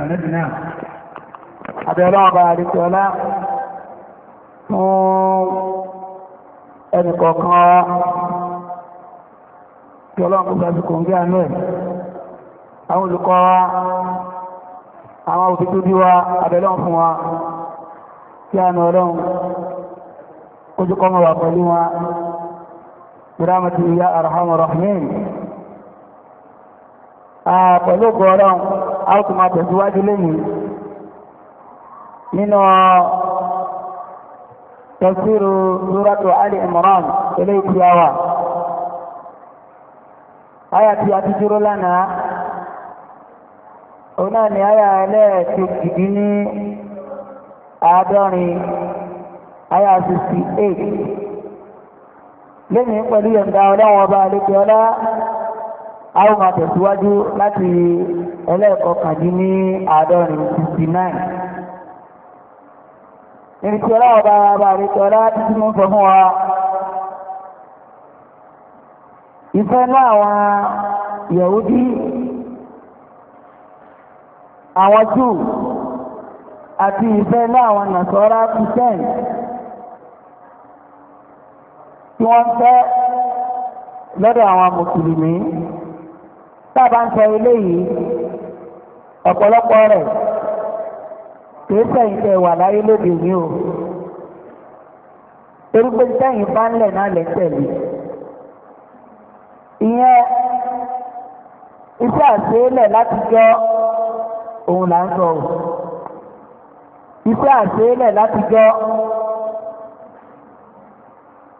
ànábì náà àbẹ̀rẹ̀ ọba àríkọ́lá fún ẹnìkọ̀ọ̀kan tí ọlọ́run kúgbà sí kòǹgí àánú ẹ̀ àwọn olùkọ́ wa àwọn òbí tó bí wa àbẹ̀lọ́n fún wa kí àánú ọlọ́run kójúkọ́ mọ̀ wà pẹ̀lú wa ìrámọ̀tí ìyá àràhàmọ̀ a ó tẹ̀síwájú lẹ́yìn nínú tẹ̀síru suratu Ali Imran eléyìí a ya aya tí a ti dúró lánàá òun náà ni aya ẹlẹ́ẹ̀kejì ní àádọ́rin aya sixty lẹ́yìn pẹ̀lú ọlọ́wọ́ a ó máa tẹ̀síwájú láti ẹlẹ́ẹ̀kọkàndínní àádọ́rin sixty nine ìrìtì ọlọ́wọ́ bá bá ìrìtì ọlá títí mú sọ fún wa ìfẹ́ náà àwọn Yahudi àwọn Júù àti ìfẹ́ náà àwọn Nàṣọ́rá Christian tí wọ́n fẹ́ lọ́dọ̀ àwọn Mùsùlùmí tábà ń sọ eléyìí ọ̀pọ̀lọpọ̀ rẹ̀ kìí sẹ́yìn tẹ wà láyé lóde òní o torí pé sẹ́yìn bá ń lẹ̀ náà lẹ̀ tẹ̀lé ìyẹn iṣẹ́ àṣeélẹ̀ o iṣẹ́ àṣeélẹ̀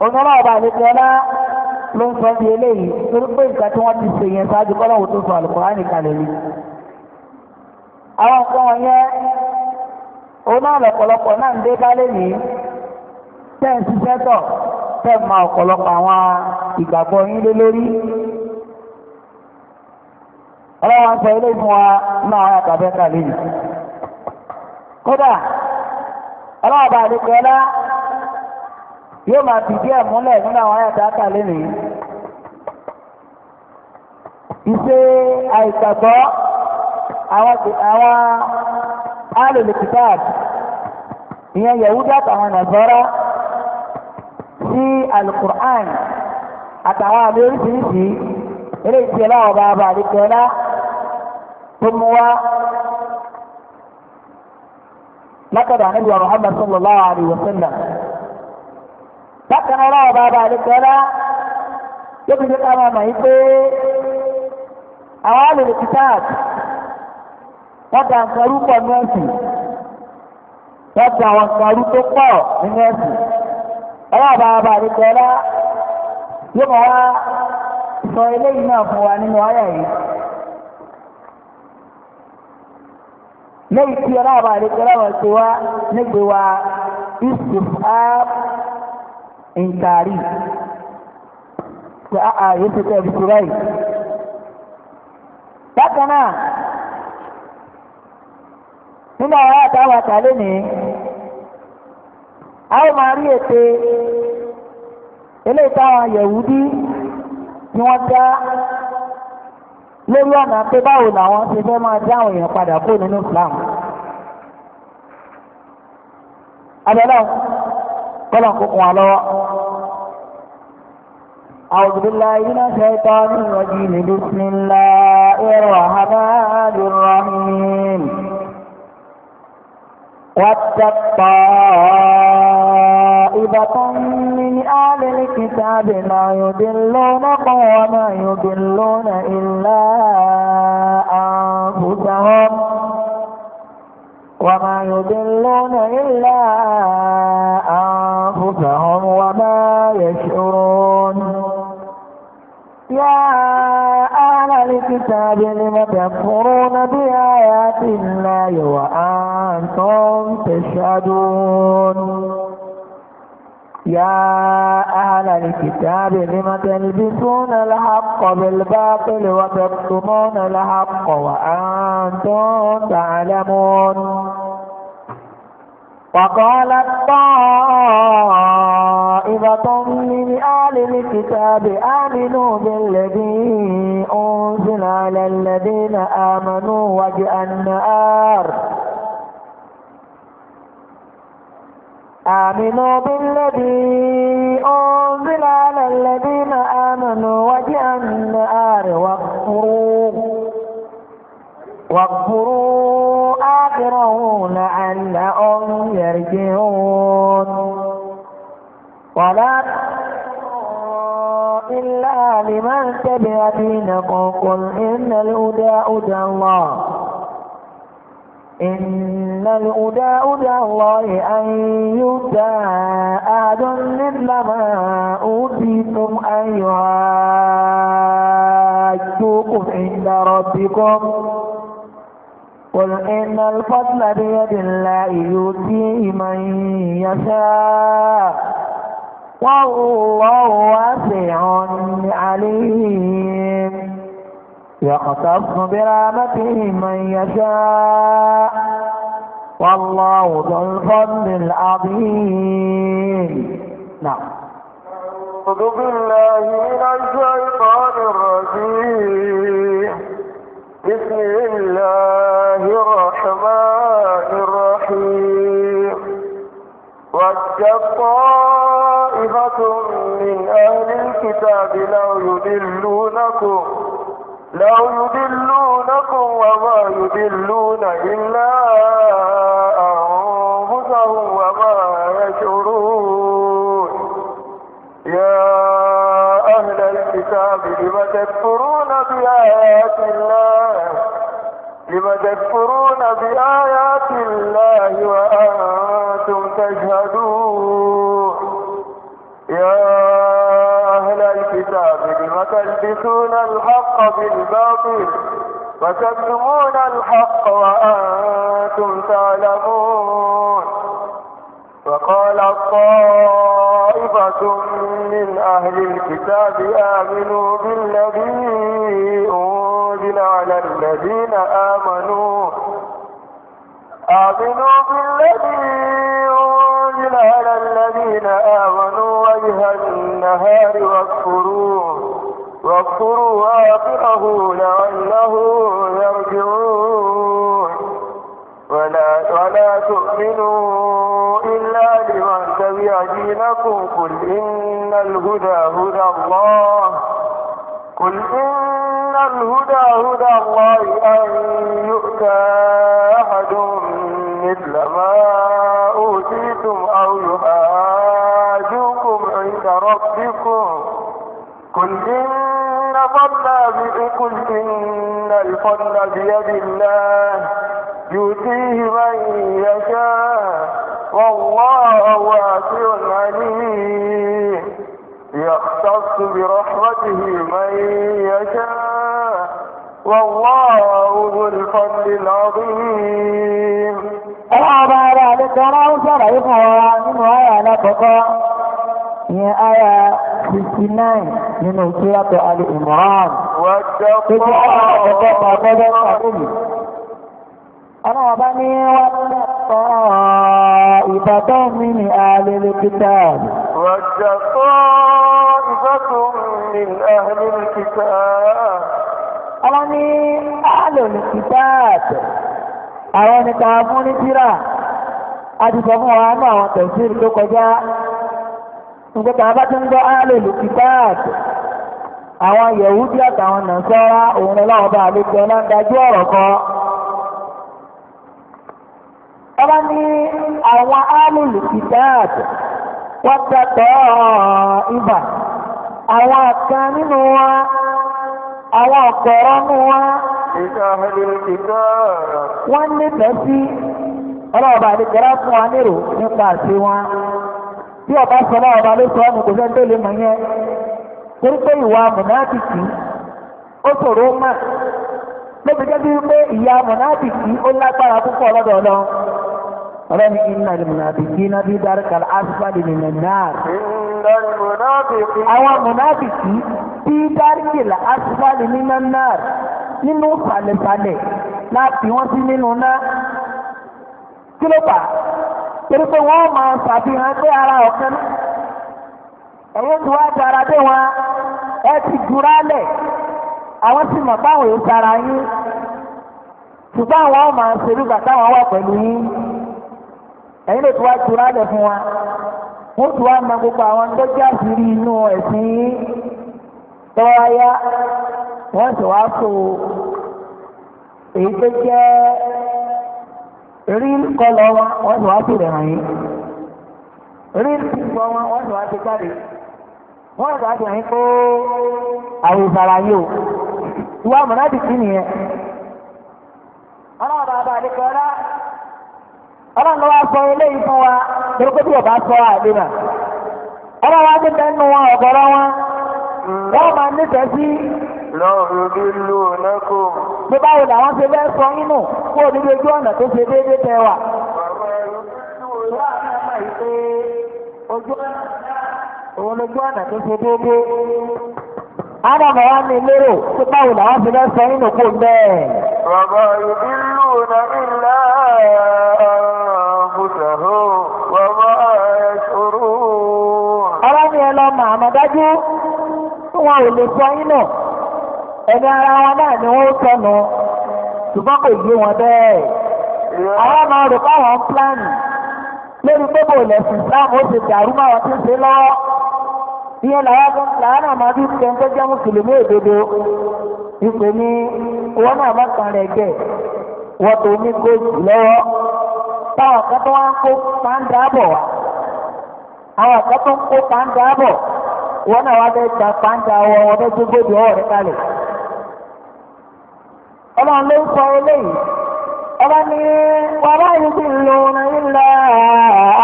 òun náà ló ń sọ di eléyìí torí pé nǹkan tí wọ́n ti ṣe yẹn ṣáájú kọ́lọ́wọ́ tó sọ àlùkùránì kalẹ̀ ni. àwọn nǹkan wọ̀nyẹn òun náà lọ̀pọ̀lọpọ̀ náà ń dé bálé nìí tẹ́ ń ma ọ̀pọ̀lọpọ̀ àwọn ìgbàgbọ́ yín lé lórí. ọlọ́wọ́ ń sọ ilé fún wa náà wọ́n àtàbẹ́ kalẹ̀ kódà ọlọ́wọ́ bá yóò máa fi díẹ̀ múlẹ̀ nínú àwọn àyàtà àtàlẹ́ nìyí. Ìṣe àìgbàgbọ́ àwọn alòlùkìtàb ìyẹn Yahuda àtàwọn Nàzọ́rá sí Alukur'an àtàwọn àmì oríṣiríṣi eré ìṣe láwọn àdìgbẹ́lá tó mú wá látọ̀dọ̀ àníbi wa bákan ọlọ́wọ́ bàbá àdékọ́lá yóò fi ká máa mọ̀ pé àwọn àlèrè kìtáàbù wọ́n da nǹkan rúpọ̀ ní ẹ̀sìn wọ́n da àwọn nǹkan rú tó pọ̀ nínú sọ eléyìí náà fún wa nínú yìí. tí àdékọ́lá wọ̀ sí in tari àà yóò ti tẹ́ ìdíje báyìí. bákan náà nínú àwọn àtàwọn àtàlẹ́ ní a ó máa rí ète eléyìí táwọn yẹ̀wúdí tí dá lórí ọ̀nà pé báwo làwọn ṣe fẹ́ máa dá àwọn èèyàn padà kó nínú Islam. kọ́lọ̀kùn wọn أعوذ بالله من الشيطان الرجيم بسم الله الرحمن الرحيم واتق طائبة من أهل الكتاب ما يضلون وما يضلون إلا أنفسهم وما يضلون إلا يشعرون يا أهل الكتاب لم تكفرون بآيات الله وأنتم تشهدون يا أهل الكتاب لم تلبسون الحق بالباطل وتكتمون الحق وأنتم تعلمون وقالت طائفة من أهل الكتاب آمنوا بالذي أنزل على الذين آمنوا وجه النهار آمنوا بالذي أنزل على الذين آمنوا وجه النهار واكفروا واكفروا يكرهون أنهم يرجعون ولا إلا لمن تبع دينكم قل إن الهدى هدى الله إن الهدى هدى الله أن يؤتى أحد مثل ما أوتيتم أن يحاجوكم عند ربكم قل إن الفضل بيد الله يؤتيه من يشاء والله واسع عليم يختص برحمته من يشاء والله ذو الفضل العظيم نعم أعوذ بالله من الشيطان الرجيم بسم الله طائفة من أهل الكتاب لو يضلونكم لو يضلونكم وما يضلون إلا أنفسهم وما يشعرون يا أهل الكتاب لم تكفرون بآيات الله لما تكفرون بآيات الله وأنتم تشهدون يا أهل الكتاب لما تلبسون الحق بالباطل وتكتمون الحق وأنتم تعلمون وقال الطالب طائفة من أهل الكتاب آمنوا بالذي أنزل على الذين آمنوا آمنوا بالذي أنزل على الذين آمنوا وجه النهار واكفروا واكفروا آخره لعله يرجعون ولا, ولا تؤمنوا إلا لمن تبع دينكم قل إن الهدى هدى الله قل إن الهدى هدى الله أن يؤتى أحد مثل ما أوتيتم أو يحاجوكم عند ربكم قل إن فضل قل إن الفضل بيد الله يؤتيه من يشاء والله واسع عليم يختص برحمته من يشاء والله ذو الفضل العظيم ọba ara rẹ̀ tọ́rọ ń sọ̀rọ̀ ìfún ọwá nínú àyà alákọ̀ọ́kọ́ ní àyà 59 nínú ìṣúyàtọ̀ alì ìmọ̀ràn wọ́n tẹ́kọ̀ọ́ ọlọ́run ọba ní wọ́n tọ́ ìbátọ́ mi ní alẹ́lẹ́ pítà. wọ́n jẹ́ tọ́ ìbátọ́ mi ní alẹ́lẹ́ pítà. ọlọ́ ní alẹ́lẹ́ pítà àwọn nìkan fún ní tíra a ti sọ fún wa ní àwọn tẹ̀síìrì tó kọjá nígbàtà bá ti ń gbọ́ alẹ́lẹ́ pítà àwọn yẹ̀wúdí àtàwọn nàṣọ́ra òun lọ́wọ́ bá àlejò ọlọ́dájú ọ̀rọ̀ kan. ọba ní àwọn alùlù kìtáàbù wọ́n tẹ̀tọ̀ ibà àwọn kan nínú wa àwọn ọ̀kọ̀ọ̀rọ̀ nínú wa wọ́n nífẹ̀ẹ́ sí ọlọ́ọ̀bà àdìgbẹ́rẹ́ fún wa nírò nípa àti wọn bí ọba sọlá ọba ló sọ tó yẹn torí pé ìwà ó mà lóbi jẹ́ bí pé ó lágbára púpọ̀ ọlọ́ni iná ìmùnàbìkì iná bí dárúkà asfali nìyẹn náà. àwọn mùnàbìkì bí dárúkà asfali nìyẹn náà nínú falẹ̀falẹ̀ láti wọ́n sí nínú náà. kí ló fà á? torí pé wọ́n máa ṣàfihàn pé ara ọ̀kan náà. ẹ̀yẹ́ tí wọ́n á tara dé wọn ẹ ti dúró lẹ̀ àwọn sì mọ̀ báwọn yóò tara yín ṣùgbọ́n àwọn máa ṣerú bàtà wọn wà pẹ̀lú yín. ẹ̀yin lè tó wá tura lẹ̀ fún wa wọ́n tó wá gbogbo àwọn tó já sí rí inú ẹ̀sìn yìí tọ́wọ́ ya wọ́n sì wá so èyí tó jẹ́ rí wọn wọ́n sì wá so rẹ̀ hàn yín rí pípọ̀ wọn wọ́n sì wá so jáde wọ́n sì wá so yín kó àwòsàrà yìí o ìwà nìyẹn ọlọ́run bàbá ọlọ́run ló wá sọ eléyìí fún wa lórí pé bí ọba sọ àdínà ọlọ́run wá ní nù wọn ọ̀gọ́rọ́ wọn wọ́n máa nífẹ̀ẹ́ sí. lọ́rùn bí lù lẹ́kọ̀ọ́. bí báwo làwọn ṣe fẹ́ sọ nínú kó o ojú ọ̀nà tó ṣe tẹ wà. ọ̀nà tó ṣe wa lérò báwo làwọn ṣe fẹ́ sọ nínú bẹ́ẹ̀. bàbá síwájú tí wọn ò lè sọ yín náà ẹni ara wọn náà ni wọn ó tọnu ṣùgbọ́n kò yé wọn bẹ́ẹ̀ àwọn ọmọ rẹ̀ báwọn ń pílánì lórí pé kò Islam ó ti dàrú máwọn tí ń ṣe lọ́wọ́ ìyẹn làwọn làánà máa bí kẹ́ńtẹ́ jẹ́ mùsùlùmí òdodo ipò ní wọn náà má kan rẹ̀ gẹ̀ wọ́n tó ní góòjì lọ́wọ́ táwọn kan tó wá ń kó máa ń wá àwọn kan tó ń kó máa ń wá. wọn náà wá gba pàǹdà wọn wọn bẹ́ẹ̀ gbogbo ọwọ́ rẹ kalẹ̀ ọlọ́run ló ń sọ eléyìí ọba ní wàrà yìí ti lò ní ilẹ̀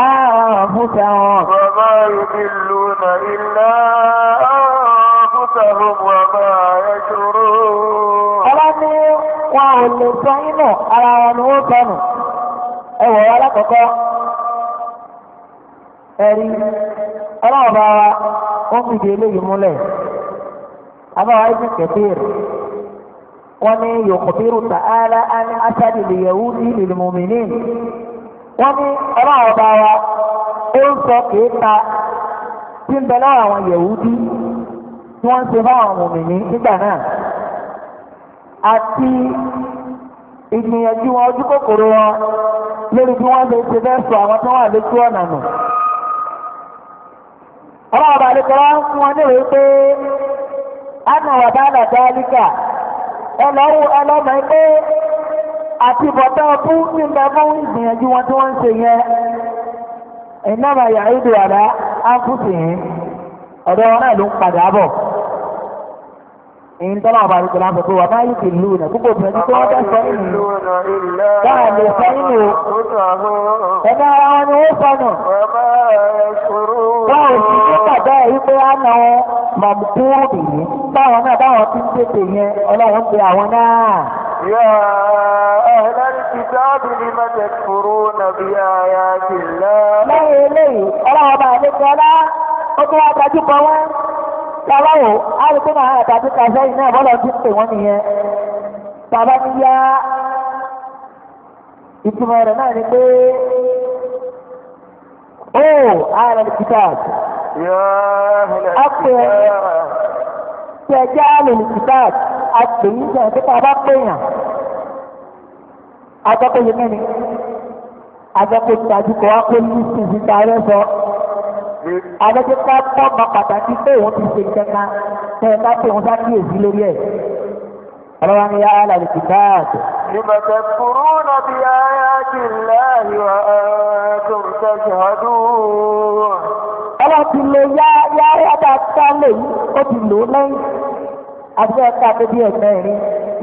àfúnṣe wọn. wàrà yìí ti lò ilẹ̀ ara wọn ni ọlọ́run bá wa ó fìdí eléyìí múlẹ̀ abáwa ibi kẹfìr wọn ní yòókùbírù ta'ala ani asadi lè yẹwù ní ìlúmùmìnì wọn ní bá wa ó ń sọ kéèta tí ń bẹ lọ́wọ́ àwọn yẹ̀wúdí tí wọ́n ń ṣe fáwọn mùmìnì nígbà náà àti ìgbìyànjú wọn ojú kòkòrò wọn lórí bí wọ́n lè ṣe bẹ́ẹ̀ sọ àwọn tó wà ọlọ́wọ́ bá lè kọ́ra fún wọn níwèé pé ánà ọ̀dà àdàdà ẹlọ́mọ pé àti bọ̀tá ọkú ní bẹ ìgbìyànjú wọn tí wọ́n ń ṣe yẹn ìnáma yàrá àdá yìí ọ̀dọ́ wọn náà ló يشكرون báwo ti ṣe bàbá ẹ̀ wípé á na mọ̀mùkúrú nìyí báwọn náà báwọn ti ń tètè yẹn ọlọ́run pe àwọn náà. يا أهل الكتاب لم تكفرون بآيات الله. lẹ́yìn eléyìí ọlọ́run bá mi kọ́lá ó tún wá dájú kọ wọ́n láwáwò á rí pé màá àtàkì kàṣẹ́ yìí أوه أهل الكتاب يا أهل الكتاب تجعل الكتاب أتبعي كتاب أبقينا أتبعي مني أتبعي تجيك وأقول لسي في تاريخ Adéjọ́ ká pọ̀ mọ́ pàtàkì pé òun ti ṣe ìjẹ́ka tẹ̀ ká pé òun sá kí èsì lórí ẹ̀. Ọlọ́wà ni yá àlàyé kìtáàtì. لم تكفرون بآيات الله وأنتم تشهدون ọlọ́ ti lè yá yára ẹ̀dá tá lè yí ó ti lò lẹ́yìn àti ẹ̀ka bíbí ẹ̀gbẹ́ rí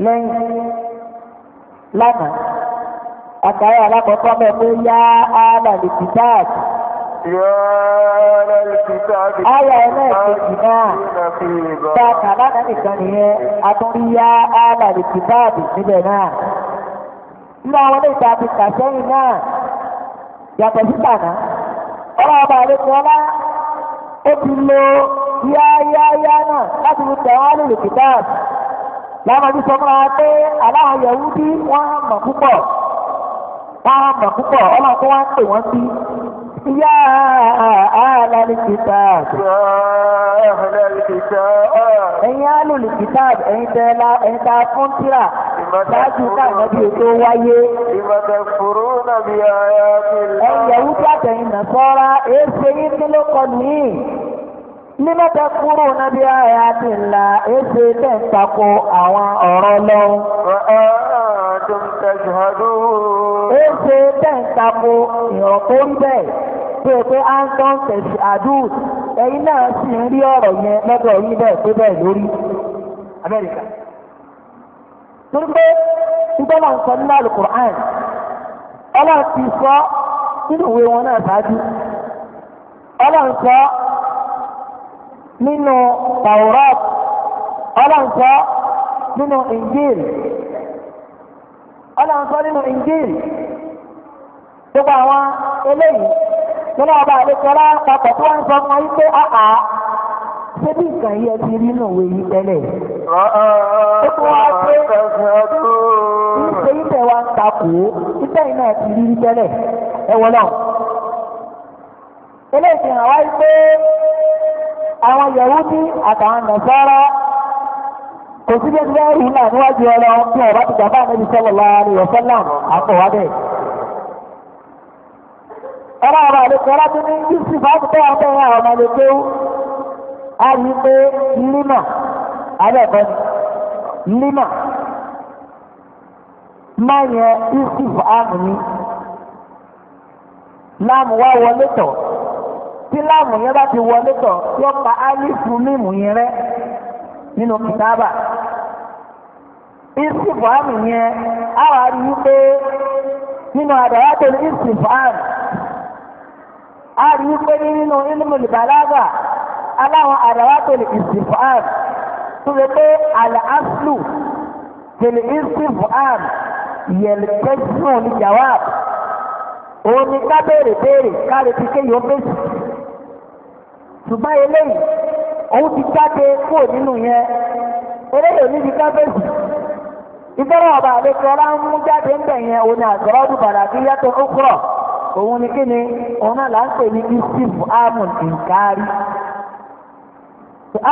lẹ́yìn lánàá àtàrí alákọ̀ọ́kọ́ mẹ́ẹ̀ẹ́ yá áàlà lè ti dáàbò Ayọ̀ ẹlẹ́ẹ̀kejì náà, bá kàbá náà nìkan nìyẹn, a tún rí yá áàlàlì kìbáàbì níbẹ̀ náà. Nínú àwọn ilé ìta ti kà sẹ́yìn náà, yàtọ̀ sí tànà, ọlọ́run ọba àlejò ọlá, ó ti lo yáyáyá náà láti fi tẹ̀ wọ́n lè kìtàbù. Lámọ̀jú sọ fún wa pé يا أهل الكتاب يا أهل الكتاب ẹ̀yin àlò lè kìtàb ẹ̀yin tẹ́lá ẹ̀yin tá a fún tíra ṣáájú káàmọ́ bí ètò wáyé. ìmọ̀tẹ̀ fòrò nàbí ayá mi là. ẹ̀yin ẹ̀wú pàtẹ́yìn nà sọ́ra èsè yín kí ló ń tako àwọn ọ̀rọ̀ lọ. Ése tẹ̀ ń tako ìhàn ń bẹ̀. pé pé anton tẹ̀sí àdúù ẹ̀yin náà sì ń rí ọ̀rọ̀ yẹn lọ́dọ̀ yín bẹ́ẹ̀ pé bẹ́ẹ̀ lórí amẹ́ríkà. torí pé ìjọba ń sọ nínú alukur'an ọlọ́run ti sọ nínú ìwé wọn náà ṣáájú ọlọ́run sọ nínú taurat ọlọ́run sọ nínú ọlọ́run sọ nínú gbogbo àwọn tọ́lá ọba àlekọ́lá papọ̀ tó ń sọ fún ayé pé àhà ṣé bí nǹkan yẹ ti rí nù wé yí tẹ́lẹ̀. ó tún wá pé ṣé ibẹ̀ wá ń takò ó ibẹ̀ iná ti rí rí tẹ́lẹ̀ ẹ wọ náà. eléyìí fi hàn wáyé pé àwọn Yẹhudi àtàwọn Nasara kò sí bí ẹgbẹ́ ìlànà níwájú ọlọ́run tí ọba ti gbà bá àmì ìṣẹ́lẹ̀ láàrin ọ̀sán náà àpò ọlọ́ọ̀bà ọrụ láti ní n'isi fáwọn tó wà bẹ́ẹ̀ àwọn ọmọ ẹlẹ́gbẹ́ ó a rí pé límà alẹ́kọ́ ni límà máa yẹ yíṣì ni láàmù wá wọlé tọ̀ tí láàmù yẹn bá ti wọlé tọ̀ yóò pa alifu mímù yẹn rẹ nínú kìtáàbà yíṣì fáwọn yẹn á wà pé nínú àdáyàtọ̀ a rí i pé nínú ilmul balaga aláwọn àdáwàtò lè ìsìfàn tó lè pé ala áṣlù tẹ̀lé ìsìfàn yẹ̀lẹ́kẹ́sùn ní jawab òun ni ká béèrè béèrè káre ti ké yóò fèsì ṣùgbọ́n eléyìí òun ti jáde kúrò nínú yẹn eléyìí òní ti ká fèsì ìfẹ́ràn ọba àlejò ọlá ń mú jáde ń bẹ̀ òun ni àgọ́rọ́dù bàrà yàtọ̀ ó kúrọ̀. òun ni kí ni òun náà là ń pè ní isif nkari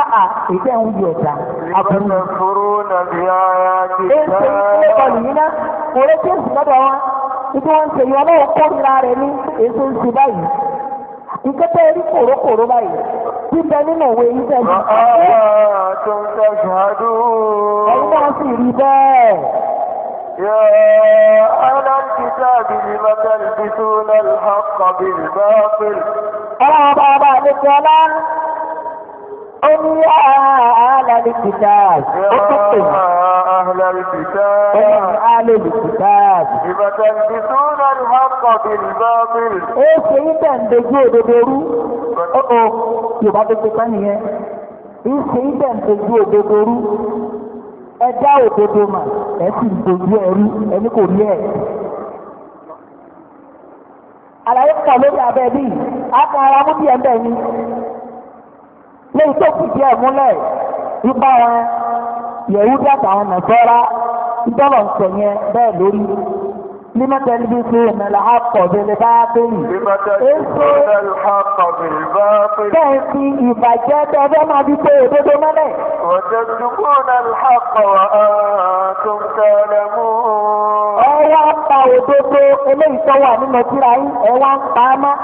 àà ah, ah, ìfẹ́ ń di ọ̀dà àbúrò. ìfòrò nàbí ara ti sá. èsì ìpínlẹ̀ bọ̀lù yìí náà kò lè tí èsì wọn ibi wọn ṣe yọ lọ́wọ́ kórìíra rẹ̀ ní èso ìṣe báyìí. ìkẹ́tẹ́ rí kòrókòró báyìí bíbẹ nínú òwe yìí tẹ̀ sí. àà tó ń tẹ̀sán ẹ̀yin náà sì rí bẹ́ẹ̀. يا أهل الكتاب لم تلبسون الحق بالباطل أبا بعد السلام قل يا أهل الكتاب يا أهل الكتاب يا أهل الكتاب لم تلبسون الحق بالباطل إيه سيدا بجود برو أو يبقى بجود ثانية إيه سيدا بجود برو ẹ òdodo mà ẹ sì ń dojú ẹrú ẹni kò rí ẹ. àlàyé pọ̀ lórí abẹ́ bí ara mú díẹ̀ bẹ́ẹ̀ ni léyìí tó fi díẹ̀ múlẹ̀ ipa wọn yẹ̀wú dàtà wọn nà sọ́ra ìdọ́lọ̀ لما تلبسون الحق بالباطل لما تلبسون الحق بالباطل تأتي إذا جاءت فما بتعبد ملك وتكتبون الحق وأنتم تعلمون ẹwà ń pa òdodo eléyìí tó wà nínú tírà yìí ẹwà ń pa á mọ́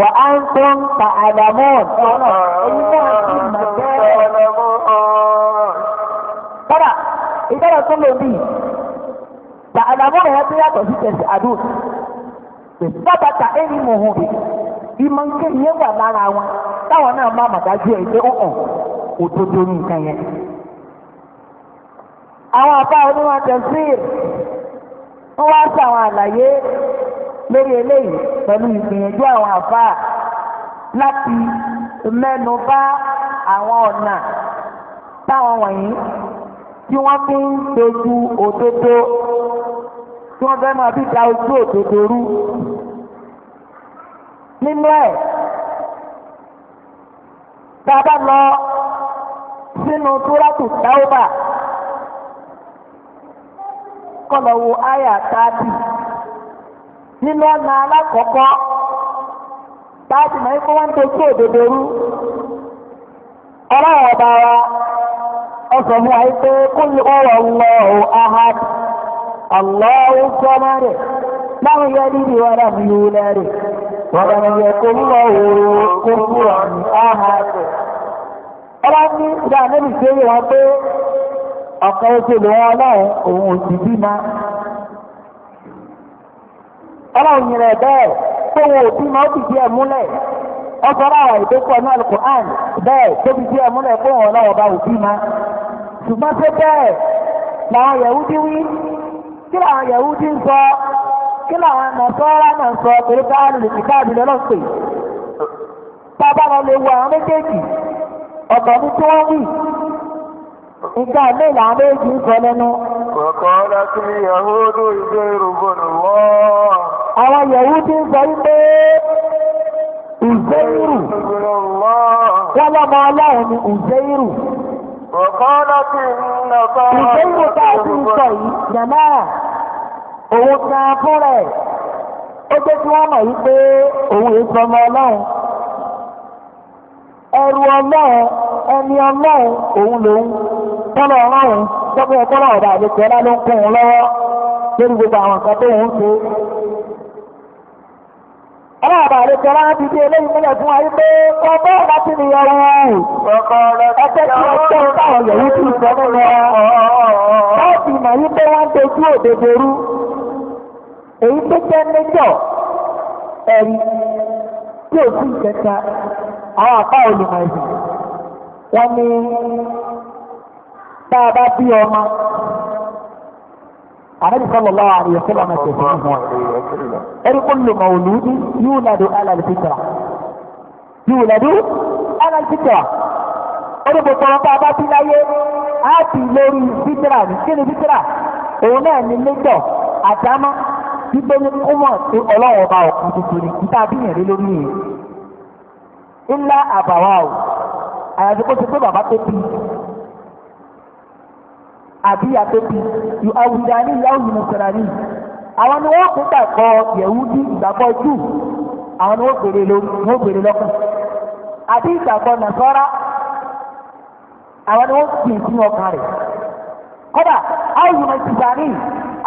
wà á ń tó ń ta àdàmọ́ ọ̀nà èyí náà sì mọ̀ bẹ́ẹ̀. kódà ìdára tó lò bíi. na àlàmúrò ya tó ya sí tẹ̀sí àdúrà bàbàtà ẹni mọ̀ hàn bí ìmọ̀ nké yẹn lára wọn náà má màdájú ẹ̀ pé ọ̀hún òdodo nǹkan yẹn. àwọn si onímọ̀ tẹ̀síìr wọ́n wá lori àwọn pẹ̀lú ìgbìyànjú fi tí wọ́n fẹ́ máa fi da ojú òdodo rú nínú ẹ̀ tá a bá lọ sínú túrọ́tù táwọ́bà kọlọ̀ wo àyà nínú ọ̀nà alákọ̀ọ́kọ́ kó wọ́n ń dojú rú ọlọ́wọ́ Allahu Samad láwọn yẹ níbi wọn láti lù ú lẹ́rìí wọn lọ ìdá níbi tí ó wá pé ọ̀kan oṣù lè wọn òun ò sì ọlọ́run yìnbọn bẹ́ẹ̀ tó wọn ò ó fìdí ẹ̀ múlẹ̀ kí làwọn Yahudi ń sọ kí na nàṣọ́ra náà sọ pẹ̀lú káàdì lè kíkàdì tábà lọ lè wo àwọn méjèèjì ní tí wọ́n nǹkan àmì ìlànà méjì ń sọ Yahudu Àwọn Yahudi ń sọ wípé Uzeiru. Wọ́n lọ́mọ Uzeiru. ìgbéyìí tá a ti ń sọ yìí jàmbá òun kan fúnra ẹ̀ ó jẹ́ kí wọ́n mọ̀ yìí pé òun èé sọmọ ọlọ́run ẹrù ọlọ́run ẹni ọlọ́run òun lòun tọ́lọ̀ ọlọ́run tọ́pẹ́ ọkọ́lọ́ ọ̀dà àdékẹ́lá ló ń kún un lọ́wọ́ lórí gbogbo àwọn nǹkan tó ń ṣe ọba àlejò rárá ti di eléyìí múlẹ̀ fún wa wípé ọba ọba ti ní ọrùn ẹgbẹ́ tí wọ́n láti mọ̀ wípé wọ́n tí ò sí ìjẹta النبي صلى الله عليه وسلم يقول كل مولود يولد على الفطرة يولد على الفطرة أنا بطلع بابا تلاقي àti lórí fitra ní kí ni fitra òun náà ní lẹ́jọ́ àdámá gbígbé ní kúmọ̀ tí ọlọ́wọ́ bá ọ̀kan tuntun ní kíta bíyànjú lórí yìí. ńlá àbàwà o àyàfi kó ti pé bàbá tó bí àbí àtòkì yù àwùjáni yàwù yìí nàṣàràní àwọn ni wọ́n kó gbàgbọ́ yẹ̀wúdí ìgbàgbọ́ jù àwọn ni wọ́n gbèrè wọ́n gbèrè lọ́kàn àbí ìgbàgbọ́ nàṣọ́ra àwọn ni wọ́n kì í sínú ọkàn rẹ̀ kódà àwù nàṣàràní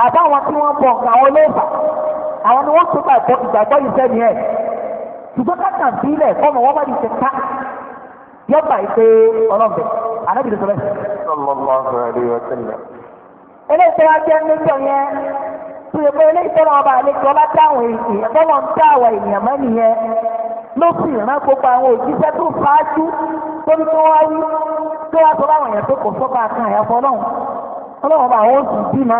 àbáwọn tí wọ́n bọ̀ àwọn olóòfà àwọn ni wọ́n kó gbàgbọ́ ìgbàgbọ́ ìfẹ́ ni ẹ̀ ṣùgbọ́n kákàndínlẹ̀ fọ́ọ̀mù wọ́n bá di ṣe ká yọ ìpè ọlọ́bẹ̀ ànábì tuntun bẹ́ẹ̀. sallallahu alaihi wa eléyìí tó wá jẹ́ níjọ yẹn tó yẹ pé eléyìí tó wọn bá àlejò ọlá táwọn èsì ẹ̀fọ́ wọn tá àwọn ènìyàn mọ́ nìyẹn ló sì rán gbogbo àwọn òjíṣẹ́ tó fàájú torí tó wá wí tó wá sọ láwọn èèyàn tó kò sọ́kà kan àyàfọ́ ọlọ́run ọlọ́run bá àwọn òsì bímọ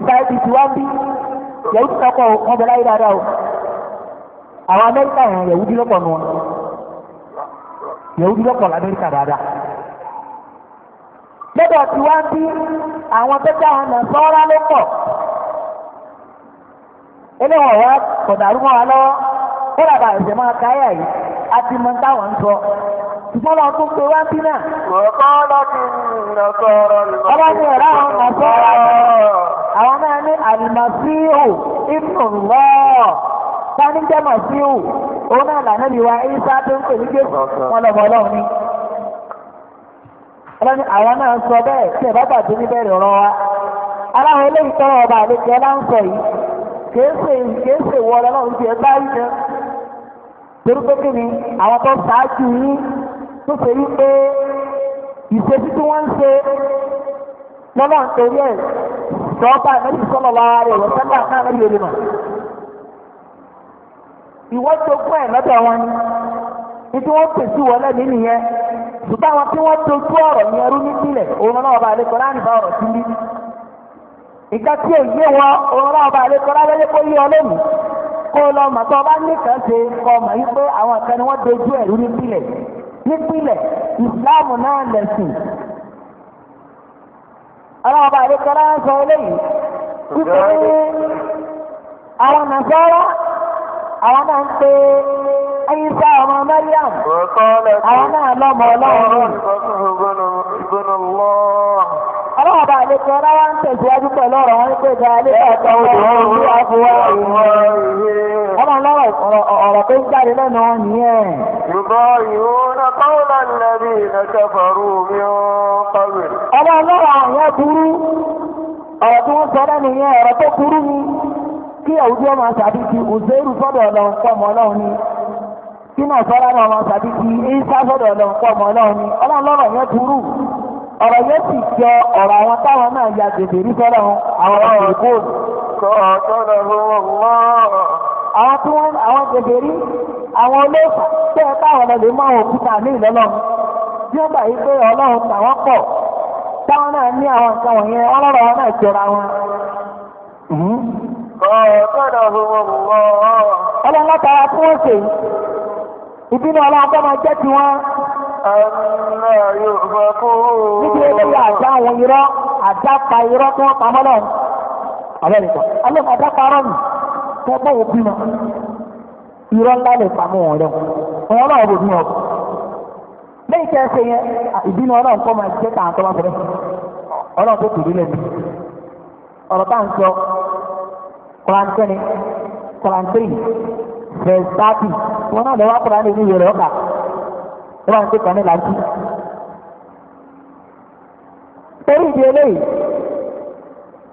báyìí ti wá ń bí yẹ̀wù ti sọ́kọ̀ wọn bẹ láyé dáadáa o àwọn amẹ́ríkà yẹn yẹ̀wù di lọ́pọ̀ nù wọn yẹ̀wù di lọ́pọ̀ lamẹ́ríkà dáadáa. lọ́dọ̀ tí wá ń bí àwọn tẹ́tẹ́ àwọn nà sọ́ra ló pọ̀ eléwọ̀n wa kọ̀dàrú mọ́ wa lọ́wọ́ kó làbà ẹ̀sẹ̀ máa káyà yìí àti mọ́ táwọn sọ ṣùgbọ́n wọn tó pe wá sí náà. Ọ̀pọ̀ láti nàṣọ́rọ̀ lọ. Ọba ní ẹ̀rọ àwọn nàṣọ́rọ̀ àwọn náà ní àlùmọ̀síhù ìbùnú lọ́ọ̀. Sani jẹ́ mọ̀síhù, òun náà là níbi wa Isa tó ń pè ní Jésù wọn lọ́mọ ọlọ́run ni. Ọba ní àwọn náà sọ bẹ́ẹ̀ tí ẹ̀ bá gbàgbé níbẹ̀rẹ̀ ọ̀rọ̀ wa. Aláwọ̀ eléyìí tọrọ ọba àlejò ọlá ń sọ yìí. Kèése kèése wọ ọlọ́run ti ẹ báyìí náà. Torí pé kí ni àwọn tó ṣáájú yín tó ṣe yí pé ìṣesí tí wọ́n ń ṣe lọ́nà torí ẹ̀ sọ́ọ́bà mẹ́rin sọ́lọ̀ wá rẹ̀ wọ́n sẹ́ńdà náà lórí olè náà. ìwọ́n ẹ̀ lọ́dọ̀ wọn ni nítorí wọ́n pèsè wọlé nìyẹn ṣùgbọ́n àwọn tí wọ́n ọ̀rọ̀ ní sílẹ̀ òun náà àlekọ́ ọ̀rọ̀ sí rí. ìgbà tí èyí wọn òun náà ọ lónìí kó lọ màtọ́ nípìnlẹ̀ ìsìláàmù náà lẹ̀sìn. àwọn ọba àdékọ́lá ń sọ eléyìí wípé àwọn nàṣọ́rọ́ àwọn náà ń pe ayíṣá ọmọ Mariam àwọn náà lọ́mọ ọlọ́run. Àwọn ọba àlejò ọlá ń tẹ̀síwájú pẹ̀lú ọ̀rọ̀ wọn ní pé ìgbà àlejò ọ̀tọ̀ òdòdó àfọwọ́ ìwọ̀n ìwé ọlọ́run lọ́rọ̀ ọ̀rọ̀ tó ń jáde lẹ́nu wọn nìyẹn. Yorùbá ìhó na kọ́wọ́lá lẹ́bí ìnáṣẹ́ fàrú mi ó kọ́wé. Ọba ọlọ́rọ̀ àwọn burú ọ̀rọ̀ tí wọ́n sọ lẹ́nu yẹn ọ̀rọ̀ tó burú ni kí àwùjọ ọmọ àṣàbí ti òṣèrú fọ́dọ̀ ọlọ́run pọ̀mọ́ ọlọ́run ni. Kí náà sọ́ra ní ọmọ àṣàbí ti ìṣá ọlọ́run ni. Ọlọ́run lọ́rọ̀ yẹn ọ̀rọ̀ yóò sì jọ ọ̀rọ̀ àwọn táwọn náà ya gègé rí fọ́lọ́run àwọn ọ̀rọ̀ ìkóòdù. àwọn tí wọ́n àwọn jẹjẹrí àwọn olóòfà tẹ́ ẹ táwọn lọ lè mú òkúta ní ìlọ́lọ́run bí ó gbà yí pé ọlọ́run tàwọn pọ̀ táwọn náà ní àwọn nǹkan wọ̀nyẹn ọlọ́rọ̀ wọn náà jọra wọn. Mm-hmm. ọlọ́run látara tí wọ́n ṣe ìbínú ọlọ́run tó máa jẹ́ wọ́n kọ́ báwo bímọ irọ́ ńlá lè pa wọn lọ ọ̀rọ̀ náà bò bímọ. lẹ́yìn tẹ́ ẹ ṣe yẹn ìbínú ọlọ́run kọ́ máa jẹ́ tà Ọrụ bá fẹ́rẹ́ ọlọ́run tó ọ̀rọ̀ ń sọ kọ́láńtẹ́ni wọn náà ní ìwé rẹ̀ ọ̀kà ń pè kàn ní làǹtí. torí ìdí eléyìí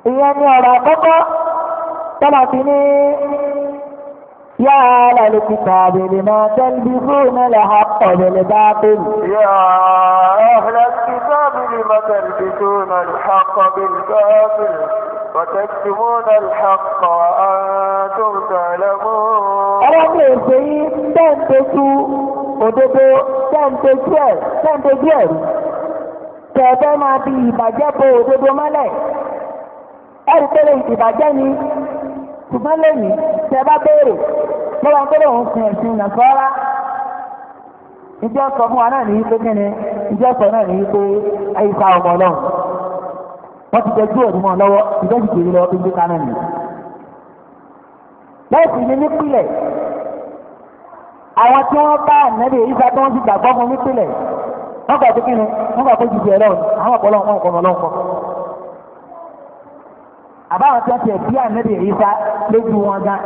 ìyẹn ni ọ̀rọ̀ àkọ́kọ́ tọ́lá fi ní يا أهل الكتاب لما تلبسون الحق بالباطل يا أهل الكتاب لما تلبسون الحق بالباطل وتكتمون الحق وأنتم تعلمون ọlọ́pàá èsè yìí tẹ́ǹtẹ́sù òdodo tẹ́ǹtẹ́sù ẹ̀ tẹ́ǹtẹ́sù ẹ̀ tẹ́ẹ̀fẹ́ máa fi ìbàjẹ́ bo òdodo mọ́lẹ̀ ẹ̀rí ìbàjẹ́ ni ṣùgbọ́n lẹ́yìn tẹ bá béèrè lọ́wọ́ tó lóun sin ẹ̀sìn nàkọ́rá ìjọ sọ fún wa náà ní wípé kíni ìjọ sọ náà ní wípé àyíká ọmọ ọlọ́run wọ́n ti jẹ́jú ọ̀dùn mọ́ lọ́wọ́ ìjọ sì kiri nì. nípìnlẹ̀ àwọn tí wọ́n bá tí wọ́n ti gbàgbọ́ fún nípìnlẹ̀ wọ́n gbà pé kíni wọ́n gbà pé àbáwọn tí wọ́n ti ẹ̀bí ànábì wọn gan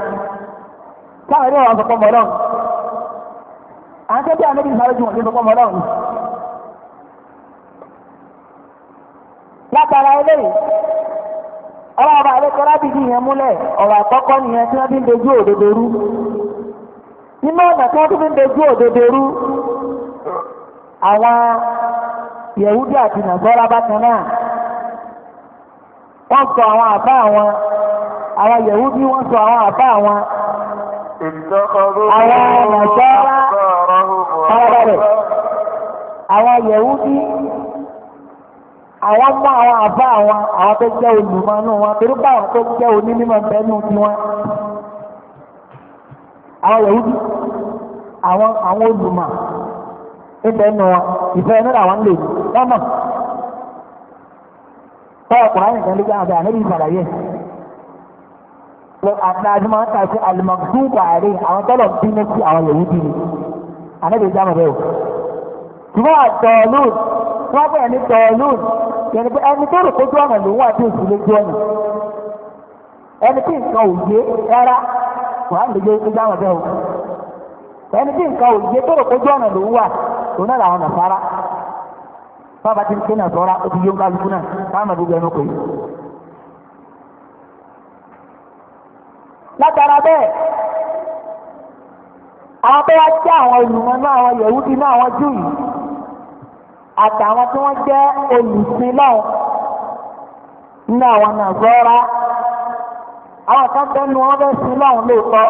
táwọn ilé wọn sọpọ̀ mọ́lọ́n àwọn tẹ́bí ànábì Ìsá lójú wọn sọpọ̀ látara eléyìí ọlọ́ọ̀bà àlékọ́lá bìbí yẹn múlẹ̀ ọ̀rọ̀ àkọ́kọ́ nìyẹn tí wọ́n fi ń dojú òdodo rú nínú ọ̀nà tí wọ́n fi ń dojú òdodo rú àwọn àti wọ́n sọ àwọn àbá àwọn àwọn bí wọ́n sọ àwọn àbá àwọn àwọn nàìjọ́ra pàrọ̀rẹ̀ àwọn bí àwọn mú àwọn àbá àwọn àwọn tó jẹ́ olùmọ̀nù wọn torí bá àwọn tó jẹ́ onímọ̀ bẹ́nu tiwọn àwọn yẹ̀wúdí àwọn olùmọ̀ nù wọn ìfẹ́ nínú àwọn lè lọ́mọ̀. báyọ̀ kùnrin nìkan ló gbàgbé ànábì ìsàlàyé àti máa ń ta sí alimakú bàárè àwọn tọ́lọ̀ ń bínú sí àwọn yòówù bí ni ànábì ìjàmọ̀ bẹ́ẹ̀ o ṣùgbọ́n àtọ̀ọ̀lù wọ́n bẹ̀rẹ̀ ní tọ̀ọ̀lù yẹn ni pé ẹni tó rò kójú ọ̀nà lòun àti èsì lójú ọ̀nà ẹni tí nǹkan ò yé rárá kùnrin ló gbé ìjàmọ̀ bẹ́ẹ̀ o ẹni tí nǹkan ò yé tó rò kójú ọ̀nà lòun wà òun náà làwọn nàfàrà fáwọn ti ń pè náà sọ́ra ó ti yóò ń kálukú náà fáwọn àdúgbò ẹnu pè. látara bẹ́ẹ̀ àwọn tó wá jẹ́ àwọn olùmọ̀ náà àwọn yẹ̀wúdí náà àwọn júù yìí àtàwọn tí wọ́n jẹ́ olùsìn náà ní àwọn náà sọ́ra àwọn kan tẹnu wọn bẹ sin lọ́hùn lóòótọ́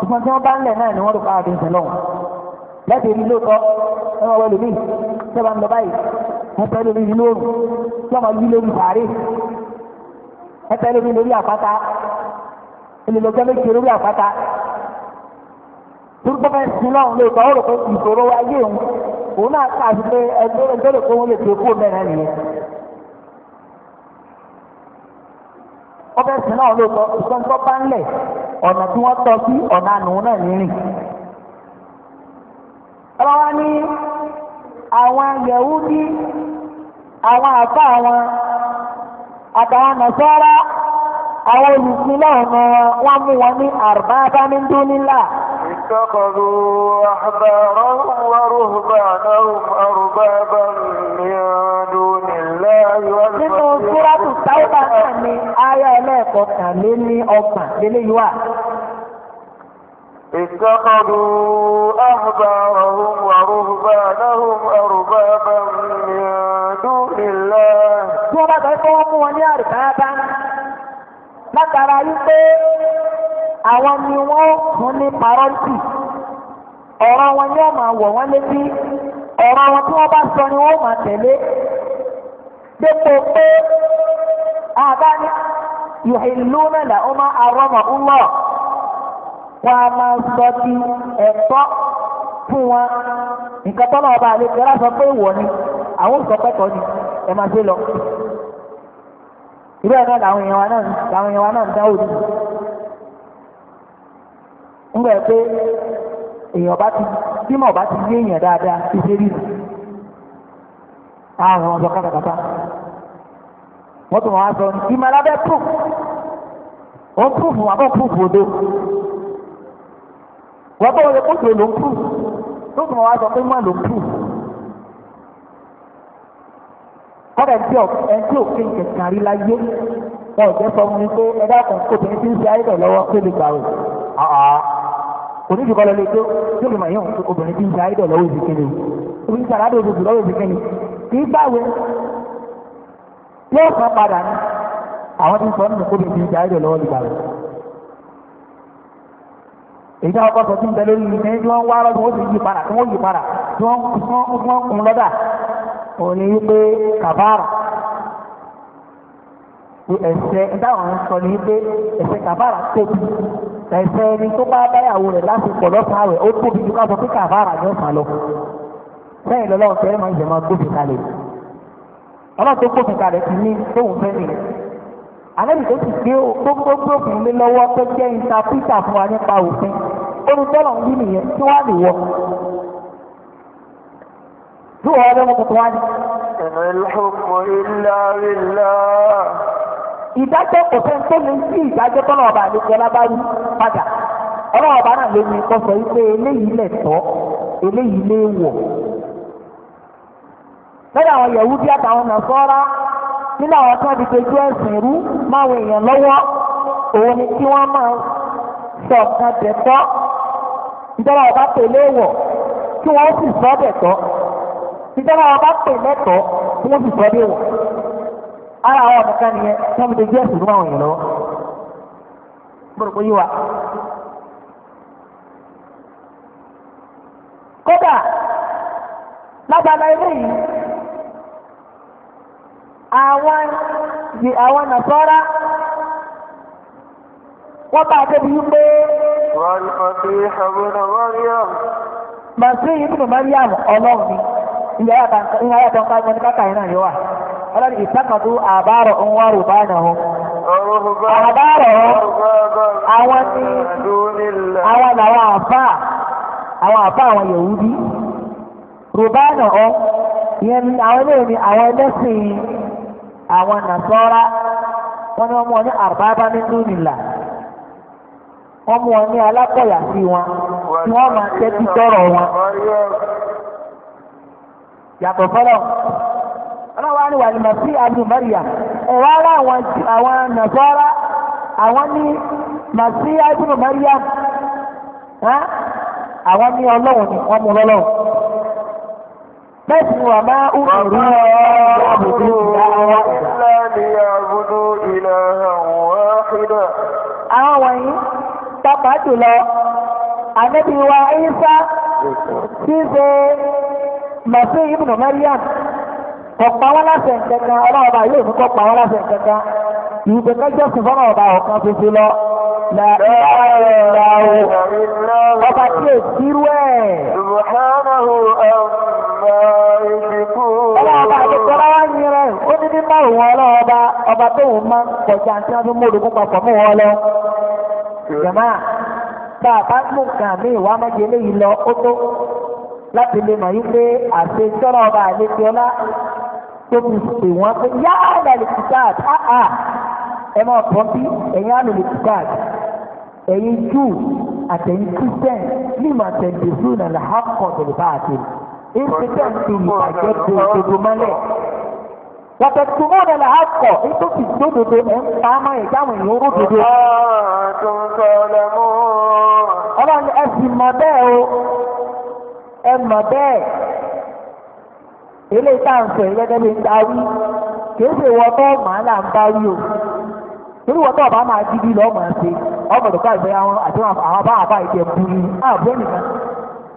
ṣùgbọ́n tí wọ́n bá ń lẹ̀ náà ni wọ́n rò pa àdéhùn lọ́hùn lẹ́tẹ̀ẹ́ rí lóòótọ́ ẹ máa wọlé mi ṣé bá ń lọ báyìí ẹ̀tẹ́ lórí ìlú òrùn yọmọ yí lórí sàárè ẹ̀tẹ́ lórí lórí àpáta olùlọ́jọ́ méje lórí àpáta tó fẹ́ sin náà lè kọ́ ọ̀rọ̀ pé ìṣòro ayé òun òun náà kà pé ẹgbẹ́ ẹgbẹ́ lè kó wọn lè tó kó mẹ́rin nìyẹn. ọbẹ̀ sin náà lè kọ́ bá ń lẹ̀ ọ̀nà tí wọ́n àwọn Yẹhudi àwọn àfa wọn àtàwọn Nasara àwọn olùsìn lọ́hùn wọn mú wọn ní arbaba min dunillah. اتخذوا أحبارهم ورهبانهم أربابا من دون الله nínú súrátù táwọn bá kàn ní ayé ẹlẹ́ẹ̀kọ́ اتخذوا أحبارهم ورهبانهم أربابا من دون الله وما تقوموا أربابا ما ترى àwọn ni wọ́n fún ní parọ́ǹtì ọ̀rọ̀ wọn yóò máa wọ̀ wọ́n létí ọ̀rọ̀ wọn tí wọ́n bá sọ ni wọ́n máa tẹ̀lé dépò pé àbá ní yòhìlú mẹ́lẹ̀ ọmọ àrọ́mọ̀ ńlọ. wọn a máa sọ fún wọn nǹkan tọ́lá ọba àlejò sọ pé ni àwọn ò ni ẹ máa gbé lọ. ìlú ẹ̀ náà làwọn èèyàn wa náà làwọn èèyàn wa náà ń dáwọ́ òdì. ńgbà pé èèyàn bá ti bímọ bá ti yé èèyàn dáadáa rí wọ́n tún wọn á sọ ìmọ̀ alábẹ́ proof ó proof wọn àbọ̀ proof wọ́n bọ́ wọlé kóso ló ń prù tó tún wá sọ pé mọ́ ló ń prù kọ́dà ẹni tí òfin kẹ̀kẹ́ rí láyé wọn ò jẹ́ sọ fún mi pé ẹ dákun kó obìnrin tí ń ṣe ayébẹ̀ lọ́wọ́ pé lè gbà wẹ̀ onídìbò lọ lè tó tó lè máa yàn obìnrin tí ń ṣe ayébẹ̀ lọ́wọ́ ìbí kíni obìnrin tí aládùn òdòdó lọ́wọ́ ìbí kì í gbàwé yóò sọ padà ní àwọn tí ń sọ nínú kóbìnrin tí ń ṣe ayébẹ̀ lọ́wọ́ ìgbà wẹ̀ èyí tí wọn kọ sọ tí ń bẹ lórí ìṣẹ́ tí wọn wá lọ́dún ó sì yí padà tí wọn yí padà tí wọn wọn kún lọ́dà òun ni wípé kàbáàrà ẹ̀ṣẹ̀ dáhùn ń sọ ni wípé ẹ̀ṣẹ̀ kàbáàrà tóbi ẹ̀ṣẹ̀ ẹni tó bá báyàwó rẹ̀ lásìkò lọ́sàn-án rẹ̀ ó tóbi ju ká sọ pé kàbáàrà yóò sàn lọ sẹ́yìn lọ́lọ́run tẹ́lẹ̀ máa ń jẹ̀ máa gbófin kalẹ̀ ọlọ́run gbófin kalẹ̀ ti ní tóun fẹ́ nìyẹn àlẹ́bí tó ti gbé gbogbogbò obìnrin lọ́wọ́ tó jẹ́ ìtàpítà fún wa nípa òfin olùtọ́lọ̀ ń wí nìyẹn tí wọ́n á lè wọ. Bí wọ́n lọ́wọ́ tuntun wá ní. Innal hukmu illa lillah. Ìdájọ́ kò fẹ́ tó lè sí ìdájọ́ tọ́lọ̀ ọba àlejò alábárí padà. Ọlọ́run ọba náà ló ní kọ́ sọ wípé eléyìí lẹ̀ tọ́, eléyìí lé wọ̀. Lọ́dọ̀ àwọn Yahudi àtàwọn Nàṣọ́ra nínú àwọn tó ti ẹ̀sìn rú máwọn èèyàn lọ́wọ́ òun ni kí wọ́n máa sọ nǹkan dẹ̀tọ́ ìjọba ọba pè wọ̀ kí wọ́n sì sọ tọ́ ìjọba ọba pè lẹ́tọ̀ọ́ kí wọ́n sì ara àwọn nìyẹn ẹ̀sìn rú máwọn èèyàn lọ́wọ́ gbọ́dọ̀ yí wa. kódà ilé yìí. àwọn yìí àwọn nàfọ́rá wọ́n bá débi wípé. wọ́n ọtí ìṣàbùnà mọ́ríàm. màsí ibùdó mọ́ríàm ọlọ́run ni ìyá yàtọ̀ nǹkan ẹgbẹ́ ní káka yìí náà yóò wà. ọlọ́run ìtàkàtú àbárò ń wá rùbá náà hó. àbárò àwọn ni àwọn làwọn àfà àwọn àfà àwọn yòówù bí. rùbá náà hó ìyẹn àwọn eléyìí ni àwọn ẹlẹ́sìn àwọn nàṣọ́ra wọ́n ní wọ́n mú wọn ní àrùbábá ní dúnìlà wọ́n mú wọn ní alákọ̀yà sí wọn tí wọ́n máa tẹ́tí tọ́rọ̀ wọn. yàtọ̀ fọlọ́ ọlọ́wà ni wàlúmọ̀ sí abu Maryam ẹ̀rọ ara àwọn nàṣọ́ra àwọn ní màsí abu Maryam àwọn ní ọlọ́wọ̀n ni wọ́n mú lọ́lọ́wọ̀n bẹ́ẹ̀ni wà máa ń rú àwọn wọ̀nyí tọ́pàá jùlọ ànábì wa Ìsá tí í ṣe mọ̀sí ibùdó Maryam kọ̀pá wọn láṣẹ nǹkankan ọlọ́ọ̀bá yóò fún kọ̀pá wọn láṣẹ nǹkankan ìgbẹ́kẹ́ jọ́sìn fọ́nà ọ̀bá ọ̀kan tuntun lọ láàárín ọba ọlọ́ọ̀bá àdìsọ́lá wá ń yẹrẹ ó ní ní márùn wọn ọlọ́ọ̀bá ọba tó ń mọ kọjá tí wọ́n fi mú olùkún papọ̀ mú wọn lọ. jọ̀mọ́ bá a bá mú nǹkan mi ìwà májè léyìí lọ ó tó láti lè mọ̀ yí pé àṣẹ sọ́lá ọba àdìsọ́lá tó fi pè wọ́n pé yá àdàlẹ̀ kìtàd áà ẹ máa pọ̀ bí ẹ̀yin àlùlẹ̀ kìtàd ẹ̀yin jù àtẹ̀yìn kírísítẹ́n ní màtẹ̀dẹ̀sùn nàlẹ́ ìfẹ́tẹ̀sùmọ̀ àjọpọ̀ òdodo mọ́lẹ̀. Yàtọ̀tùmọ̀ rẹ̀ là á kọ̀ ètò sì dódodo ẹ̀ ń pa ọmọ ìdáhùn ìyẹn ródodo. Ọlọ́run ẹ sì mọ̀ bẹ́ẹ̀ o, ẹ mọ̀ bẹ́ẹ̀. Ilé ìta ń sọ ìrẹ́gẹ́ bí ń darí, kìí ṣe wọ tó màá là ń darí o. Torí wọ́n tó ọba máa jí bí lọ́mọ̀ ṣe, ọmọ ìdọ̀kọ̀ ìgbéyàwó àti àwọn àbá àbá ìjẹ̀bù ni àbúrò nìkan.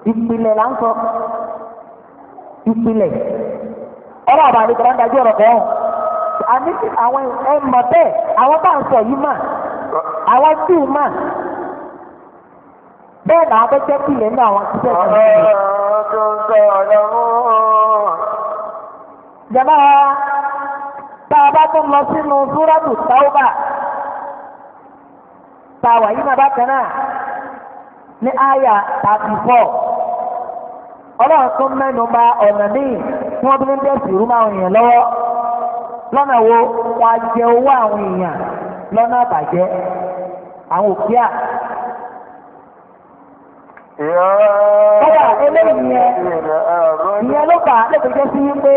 Ìpìlẹ̀ là ìpìlẹ̀ ọlọ́run ọba àdìgbò máa ọ̀rọ̀ kan àní àwọn ẹ̀mọ̀ bẹ́ẹ̀ àwọn bá ń sọ yìí mà àwọn tí ì mà bẹ́ẹ̀ jẹ́ ní àwọn ti jẹ́mọ́ a bá tún lọ sínú ọlọ́run tún mẹ́nu bà ọ̀nà míì tí wọ́n fi ń dẹ̀sí ìrú máa ń yàn lọ́wọ́ lọ́nà wo wọn á jẹ owó àwọn èèyàn lọ́nà àbàjẹ́ àwọn òkè à. Bọ́dà eléyìí yẹn ìyẹn ló fà á lóko jẹ́ sí wípé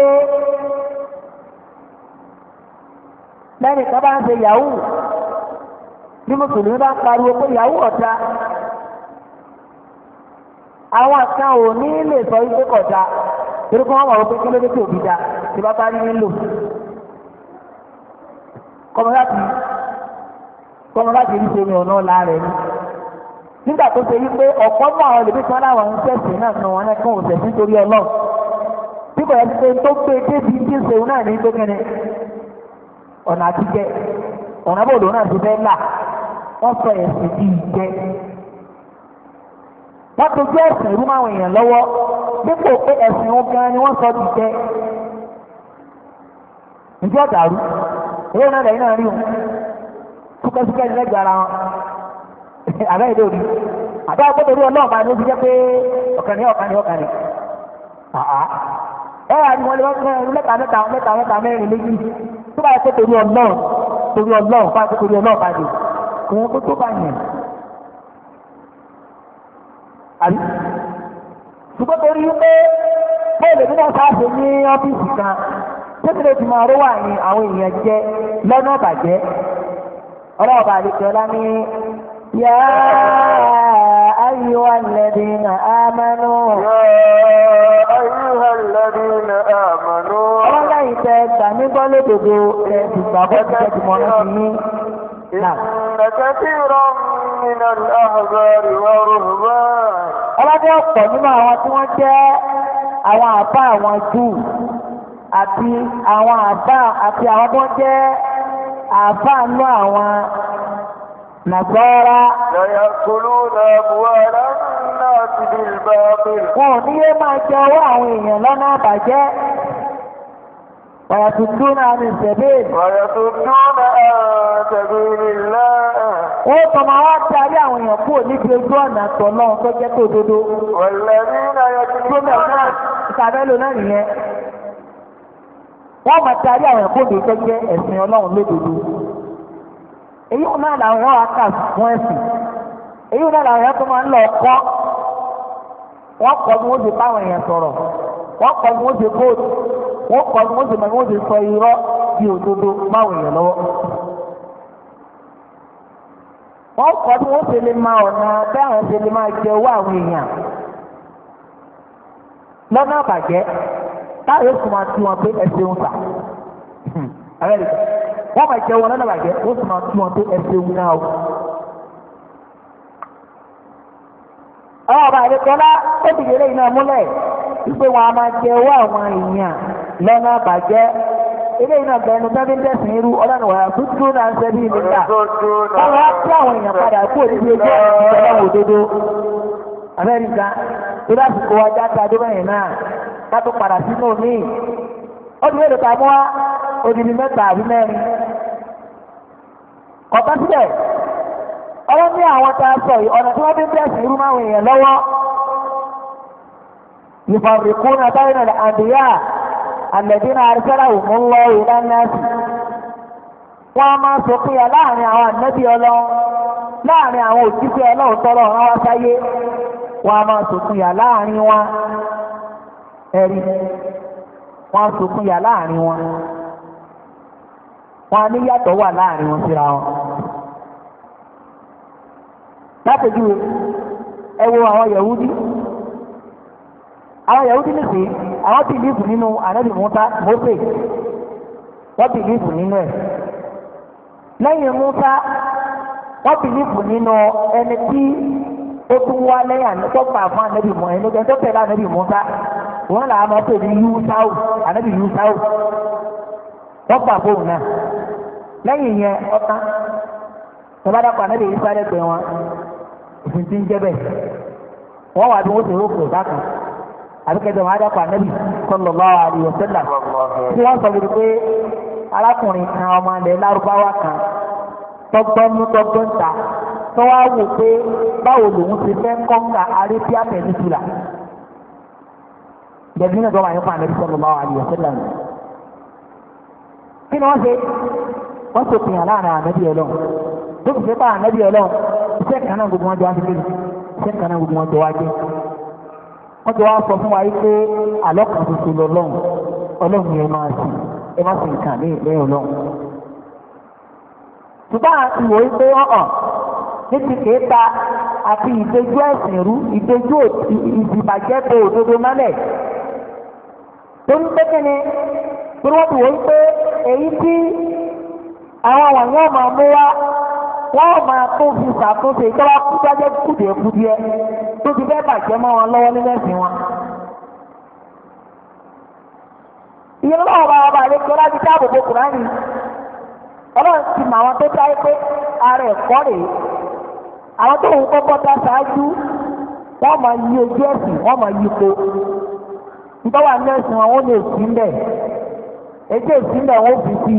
lẹ́yìn kan yahoo bí mùsùlùmí bá ń pariwo pé yahoo ọ̀tá. àwọn kan ò ní lè sọ wípé kọjá torí kí wọ́n mọ̀ wípé kí ló dé tí bá bá rí nílò ni nígbà tó ṣe ọ̀pọ̀ mọ́ àwọn láwọn ń tẹ̀sẹ̀ náà wọn bí ti pé tó gbé débi tí ń ṣeun náà ní pé kẹ́ni ọ̀nà ọ̀nà náà ti fẹ́ là wọ́n sọ ẹ̀sìn bíi wọ́n ti gbé ẹ̀sìn ìrú máwọn èèyàn lọ́wọ́ dípò pé ẹ̀sìn òun gan ni wọ́n sọ ti jẹ́ ǹjẹ́ ọ̀dàrú èrè náà lẹ́yìn náà rí òun kúkẹ́síkẹ́ ni lẹ́gbẹ̀ẹ́ ara wọn àbẹ́ ìdè òní àbẹ́ àgbọ̀dọ̀ orí ọlọ́run máa ní ó fi jẹ́ pé ọ̀kànnì ọ̀kànnì ọ̀kànnì ẹ wà ní wọn lé wọn mẹ́ta mẹ́ta mẹ́ta mẹ́ta mẹ́rin méjì tó bá yẹ kó torí ọlọ́run torí ọlọ́run fáwọn torí ọlọ́run bá dé kò yẹ kó tó bá yẹn. àbí ṣùgbọ́n torí pé bóòlù nínú sáàsì ní ọ́fíìsì kan tẹ́tẹ̀lẹ̀ tí máa rówà ní àwọn èèyàn jẹ́ lọ́nà ìbàjẹ́ ọlọ́ọ̀bà àlejòọlá ní yá ayíwá lẹ́bí na ámánú. na ọlọ́lá ìtẹ́ gbàmígbọ́ ẹ̀ ti gbàgbọ́ إن كثيرا من الأحبار والرهبان ọlọ́dẹ ọ̀pọ̀ nínú àwọn tí wọ́n jẹ́ àwọn àbá àwọn júù àti àwọn àbá àti àwọn tó ń jẹ́ àbá nínú àwọn nàgbọ́ra. lọ́yà kúlú náà buwọ́ náà ti di ìbáwọ́ pé. ní yé máa jẹ owó àwọn èèyàn lọ́nà àbàjẹ́. ويصدون عن السبيل ويصدون عن سبيل الله wọ́n tọmọ wá darí àwọn èèyàn kúrò níbi ojú ọ̀nà àtọ̀ náà tó wọ́n máa àwọn ẹ̀sìn ọlọ́run lódodo. èyí náà làwọn wá kà fún ẹ̀sìn. èyí náà làwọn máa ń lọ kọ́. wọ́n kọ́ wọ́n ti bá àwọn èèyàn sọ̀rọ̀. wọ́n kọ́ ni wọ́n ṣe kóòtù wọ́n kọ́ ni wọ́n ṣe mọ̀ ni wọ́n ṣe sọ irọ́ bí òdodo máwùn yẹn lọ́wọ́. wọ́n kọ́ ni wọ́n ṣe lè máa ọ̀nà bẹ́ẹ̀ ṣe lè máa jẹ owó àwọn èèyàn lọ́nà àbàjẹ́ táyé sùn máa wọn pé ẹsẹ̀ ń fà wọ́n máa jẹ wọn lọ́nà àbàjẹ́ ó sì máa wọn pé ẹsẹ̀ ń náà o. ọba àdékọ́lá ó wípé wọn a máa jẹ owó àwọn èèyàn lọ́nà àbàjẹ́ ilé iná bẹ̀rù bẹ́ẹ̀ bí ń tẹ̀sán irú ọlọ́run wà tó náà ń sẹ́ bí àwọn èèyàn padà ojú ọ̀rọ̀ ìjọba òdodo Amẹ́ríkà tó láti kó ọjà tá a dúbẹ̀yìn náà ká tó padà sínú odidi mẹ́ta àbí mẹ́rin síbẹ̀ àwọn tá a sọ yìí ọ̀nà tí wọ́n يفرقون بين الأنبياء الذين أرسلهم الله إلى الناس wọ́n máa sọ pé láàrin àwọn ànábì ọlọ́run láàrin àwọn òjíṣẹ́ ọlọ́run tọ́lọ́ ọ̀rán wá sáyé wọ́n máa sòkúnyà láàrin wọn ẹ̀rí wọ́n sòkúnyà láàrin wọn wọ́n níyàtọ̀ wà láàrin wọn síra wọn. látòjú ẹ wo àwọn Yẹ̀húdí. àwọn yahudi nìsí àwọn bìlíìfù nínú ninu musa mose wọ́n bìlíìfù nínú ẹ̀ lẹ́yìn musa wọ́n bìlíìfù nínú ẹni tí ó tún wá lẹ́yìn ànátọ́ fún ànábì musa ẹni tó tẹ̀lé ànábì musa wọ́n là á máa pè ní yusau ànábì yusau wọ́n gbà fóun náà lẹ́yìn yẹn ọ̀tán tọ́bádàpọ̀ ànábì yusau lẹ́gbẹ̀ẹ́ wọn òfin ti ń jẹ́ bẹ́ẹ̀ wà bí rò bákan. àbíkẹ́jọ wọn adákọ̀ ànábì sallallahu alaihi wasallam tí wọ́n sọ wípé arákùnrin kan ọmọ ilẹ̀ lárúbáwá kan tọgbọ́nú tọgbọ́ntà tó wá wò pé báwo lòun ti fẹ́ kọ́ńgà arábíà peninsula jẹ̀bi náà tó wà nípa ànábì sallallahu alaihi wasallam kí ni wọ́n ṣe wọ́n ṣe pìyàn láàrin ànábì ọlọ́run tó fi ṣe pa ànábì ọlọ́run iṣẹ́ iṣẹ́ kan náà gbogbo wọn jọ wá wọ́n ti wá sọ fún wa pé àlọ́kàn tuntun lọ́lọ́run ọlọ́run ni ẹ máa sìn ẹ máa sìn kàn ní ìpínlẹ̀ ọlọ́run. ṣùgbọ́n ìwò pé ọ̀hàn ní ti kéta àti ìdójú ẹ̀sìn rú ìdójú ìdìbàjẹ́ òdodo mọ́lẹ̀ ni torí wọ́n ti wọ́n pé èyí tí àwọn wọ́n máa tó fi ṣàtúnṣe tó bá kú tó ti fẹ́ bàjẹ́ mọ́ wọn lọ́wọ́ nínú ẹ̀sìn wọn. ìyẹn lọ́wọ́ bá wọn bá lè kùránì ọlọ́run ti mọ àwọn tó dáyé pé ara ẹ̀kọ́ rèé àwọn tó ń kọ́kọ́ dá ṣáájú wọ́n máa yí ojú ẹ̀sìn wọ́n máa yí wọn lè sí wọ́n fi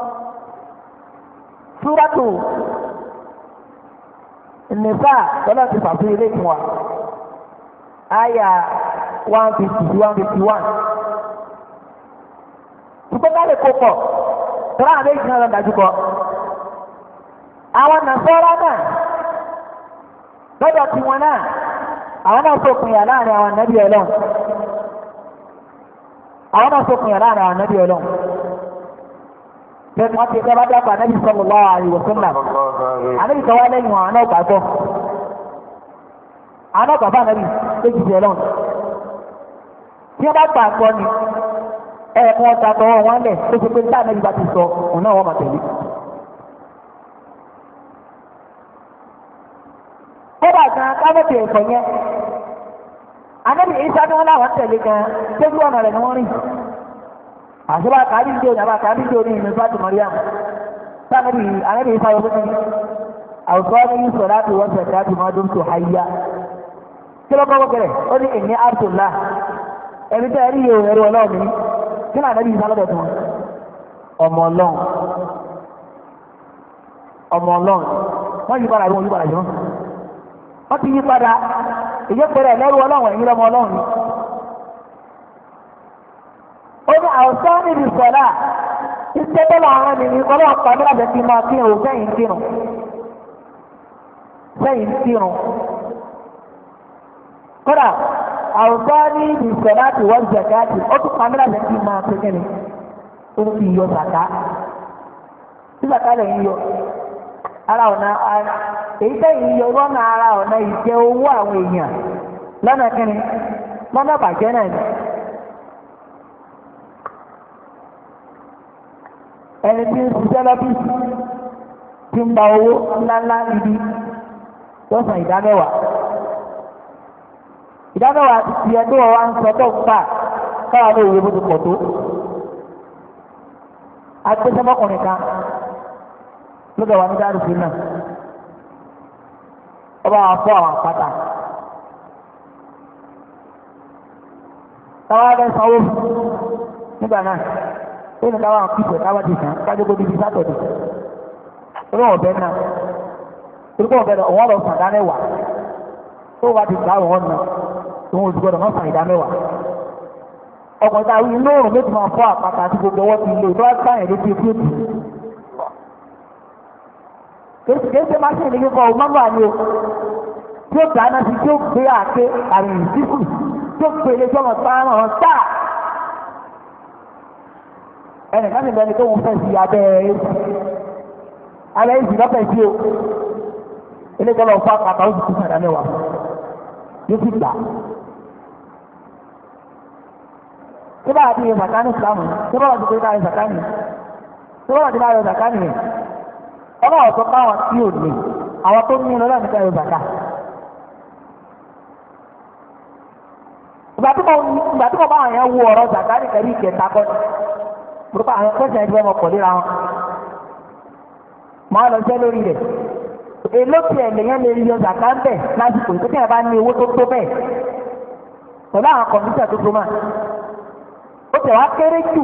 súrátù nìfà lọ́nà ti fà fún ilé ìtàn wa àyà one fifty to one fifty one ṣùgbọ́n ká lè kó pọ̀ tọ́lá àbẹ́ ìjìnlẹ̀ lọ́nà dájú kọ́ àwọn nàfọ́rọ́ náà lọ́dọ̀ tiwọn náà àwọn náà láàrin àwọn nàbí ọlọ́run àwọn náà láàrin àwọn nàbí ọlọ́run. wọ́n ti ẹgbẹ́ bá dákọ̀ anábì sọ́mù lọ́wọ́ àríwọ̀ sọ́mù anábì kan wá lẹ́yìn wọn anáà gbàgbọ́ anáà gbàgbọ́ anábì lójú ìṣẹ̀lẹ̀ ọ̀hún tí wọ́n bá gbà ni wọn lẹ̀ pé anábì bá ti sọ òun náà káfíńtì ẹ̀kọ́ yẹn anábì ìṣáájú wọn tẹ̀lé gan tẹ́jú ọ̀nà rẹ̀ ni wọ́n rìn. àṣìbá kàbí ìjọ ní a àbí ìjọ ní ìlú fati mariam sáàbì àrẹ́bì ìfà yóò fún mi àwùjọ ní wọ́n sọ̀rọ̀ àti wọ́n tó hayá kí ló kọ́kọ́ kẹrẹ̀ ó ní ìní abdullah ẹni tẹ́ ẹ̀rí yóò ẹ̀rọ ọlọ́ọ̀mí kí náà àrẹ́bì ìfà lọ́dọ̀ tún ọmọ ọmọ wọ́n yí padà wọ́n yí padà wọ́n ti yí padà ó ní àwùjọ níbi sọ̀lá iṣẹ́ tó làwọn ènìyàn ọlọ́ọ̀pá ní àjẹsí máa fi hàn sẹ́yìn kírun sẹ́yìn kírun kódà àwùjọ níbi sọ̀lá ti wọ́n jẹ̀káàtì ó tún pa ní àjẹsí máa fi ó fi yọ tí lè yọ ara ọ̀nà èyí sẹ́yìn yọ lọ́nà ara ọ̀nà ìjẹ owó àwọn èèyàn lọ́nà kíni lọ́nà bàjẹ́ náà ẹni tí ń ṣiṣẹ́ lọ́fíìsì tí ń gba owó ńláńlá ibi lọ́sàn ìdámẹ́wàá ìdámẹ́wàá ti ẹ̀ tó wọ́n wá ń sọ tó ń pa káwa náà òye bó ti pọ̀ tó agbésẹ́mọ́kùnrin kan lọ́dọ̀ wà ní dárúfin náà ọba àwọn afọ àwọn àpáta táwa bẹ sanwó nígbà náà ó ní káwọn pípẹ̀ káwọn ti sàn kájókòó bíbí sátọ̀dẹ̀ orí ọ̀bẹ náà orúkọ ọ̀bẹ náà ọ̀wọ́n lọ sàn dámẹ́wàá tó wá ti gbà wọ́n náà òun ò ti gbọdọ̀ wọ́n sàn ìdámẹ́wàá ọkọ̀ta inú òrùn ló ti máa fọ́ àpáta àti gbogbo ọwọ́ ti lè tó wá sáyẹn létí etí òtù kéèké máa ṣe ìdíkẹ́ kọ́ ọmọ náà ni o tí ó dáná sí tí ó gbé àké àrùn ìdíkù tí ó gbé ilé tí ọmọ sáà náà sáà ẹnìkan nìkan ni kéwọn fẹ́ sí abẹ́ ẹ̀ alẹ́ yìí jìnnà fẹ́ sí o ilé tó lọ fún akpàtà ó ti kú sàdá mẹ́wàá yóò fi gbà. tí bá a ti yẹ sàkání sàmù tí bá a ti kéka yẹ sàkání tí bá a ti bá yẹ sàkání yẹ ọba ọ̀tọ̀ káwọn tí ò ní àwọn tó ní lọ́dọ̀ nípa yẹ sàká. ìgbà tí bá àwọn yẹn wo ọ̀rọ̀ sàkání kẹ́rì ìkẹta kọ́ni púpọ̀ àwọn kọ́sẹ̀ ẹgbẹ́ ọmọ pọ̀ léra wọn máa lọ jẹ́ lórí rẹ̀ èló tí ẹ̀lẹ́yìn lè yọ zàkà ń bẹ̀ lásìkò ìpínlẹ̀ bá ní owó tó tó bẹ́ẹ̀ pẹ̀lú àwọn kọ̀m̀pútà tó tó máa ó tẹ̀ wá kéré jù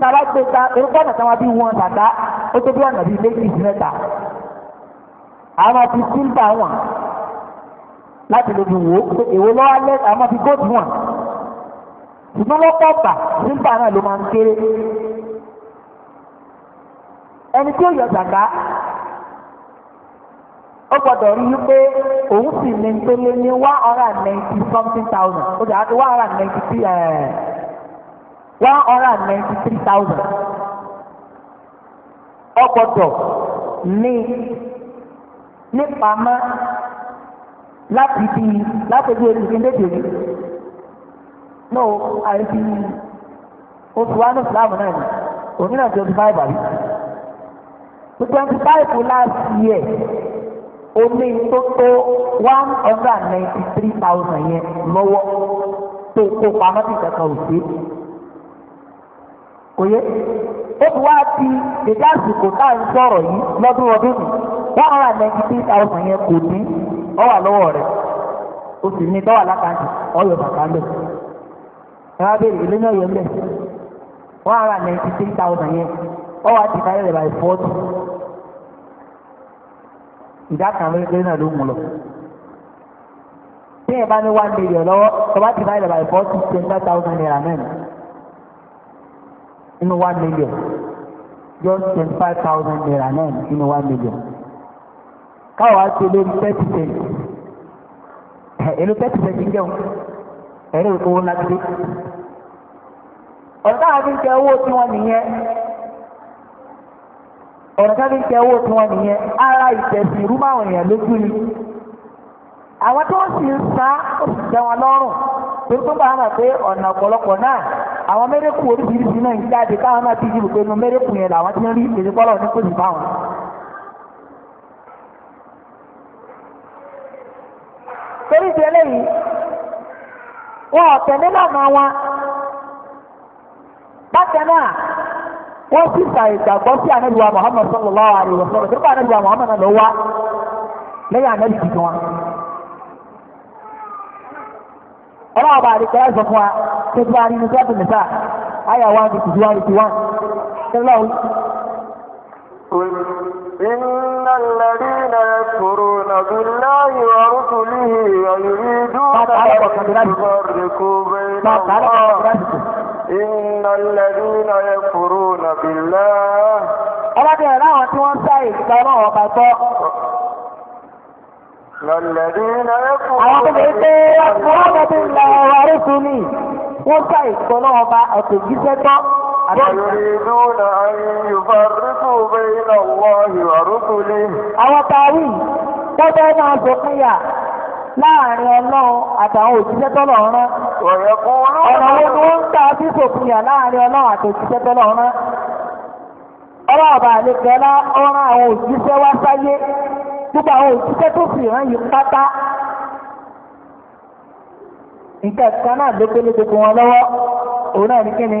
tábà gbé ta erúgbọ́n náà táwọn bí wọn zàkà ó tó bí ọ̀nà bíi méjì mẹ́ta àwọn ti sílvà wọn láti lè dùn wò ó èwo lọ́wọ́ ṣùgbọ́n lọ́pọ̀ ọ̀pà nígbà náà ló máa ń kéré ẹni tí ó yọ zàká ó gbọ́dọ̀ rí i òun sì ní ní one hundred and ninety something thousand ó jà eh, one hundred and ninety three thousand ó gbọ́dọ̀ ní láti bí láti bí no àìsí oṣù wa ní Islam náà ni òní náà last year omi tó tó one hundred and ninety three thousand yẹn lọ́wọ́ tó kó pamọ́ sí òye ti ti dèjà àsìkò tá à ń sọ̀rọ̀ yìí yẹn kò ní ó lọ́wọ́ rẹ̀ o sì ní tọ́wà ẹ̀rọ abẹ́rẹ́ ìlú náà yẹ ń bẹ̀ one hundred ninety three thousand yẹn ọ wá ti káyọ̀ by forty ìdá kan lórí náà ló mú lọ tí ẹ bá ní one million lọ́wọ́ ọ bá ti káyọ̀ by forty twenty thousand naira náà nínú one million just twenty five thousand naira náà nínú one million káwọn á ti lórí thirty cent ẹ̀ ẹ̀ ló thirty cent ń jẹun. ẹ̀rí ìkówó lágbé. ọ̀rọ̀ ọ̀rọ̀ táwọn jẹ owó tí wọ́n nìyẹn ara ìtẹ̀sìn ìrú máwọn èèyàn lójú ni. àwọn tó ń sì ń san ó sì tẹ́ wọn lọ́rùn tó tó bá pé ọ̀nà ọ̀pọ̀lọpọ̀ náà àwọn oríṣiríṣi náà ń jáde káwọn wọn ò tẹ̀lé lànà bákan náà wọ́n sì sa sí anábìwá Muhammad sallallahu alayhi wa sallam nípa anábìwá Muhammad náà wá lẹ́yìn anábì tuntun wa. ọlọ́wọ́ bá àdìgbà yẹn fún wa tó bá nínú sẹ́ẹ̀tì nìta ayé àwọn àti tìjú wa ti wá. قل إن الذين يكفرون بالله ورسله ويريدون أن يفرقوا بين الله إن الذين يكفرون بالله ọlọ́dẹ̀ láwọn tí wọ́n sá ìgbà náà ọba gbọ́. àwọn tó lè pé ọlọ́dẹ̀ tí ń lọ ọ̀rọ̀ rẹ̀ fún mi wọ́n sá ìgbà náà ọba ọ̀tẹ̀ jíṣẹ́ gbọ́. ويريدون أن يفرقوا بين الله ورسله àwọn tààrí tọ́jọ́ náà sọ̀kìyà láàrin ọlọ́run àtàwọn òṣìṣẹ́ tọ́lọ̀ rán ọ̀nà wo ni ó ń ta sí sòkìyà láàrin ọlọ́run àti òṣìṣẹ́ tọ́lọ̀ rán àwọn sáyé gbogbo àwọn tó yìí pátá nǹkan kan náà wọn lọwọ, òun náà ní kíni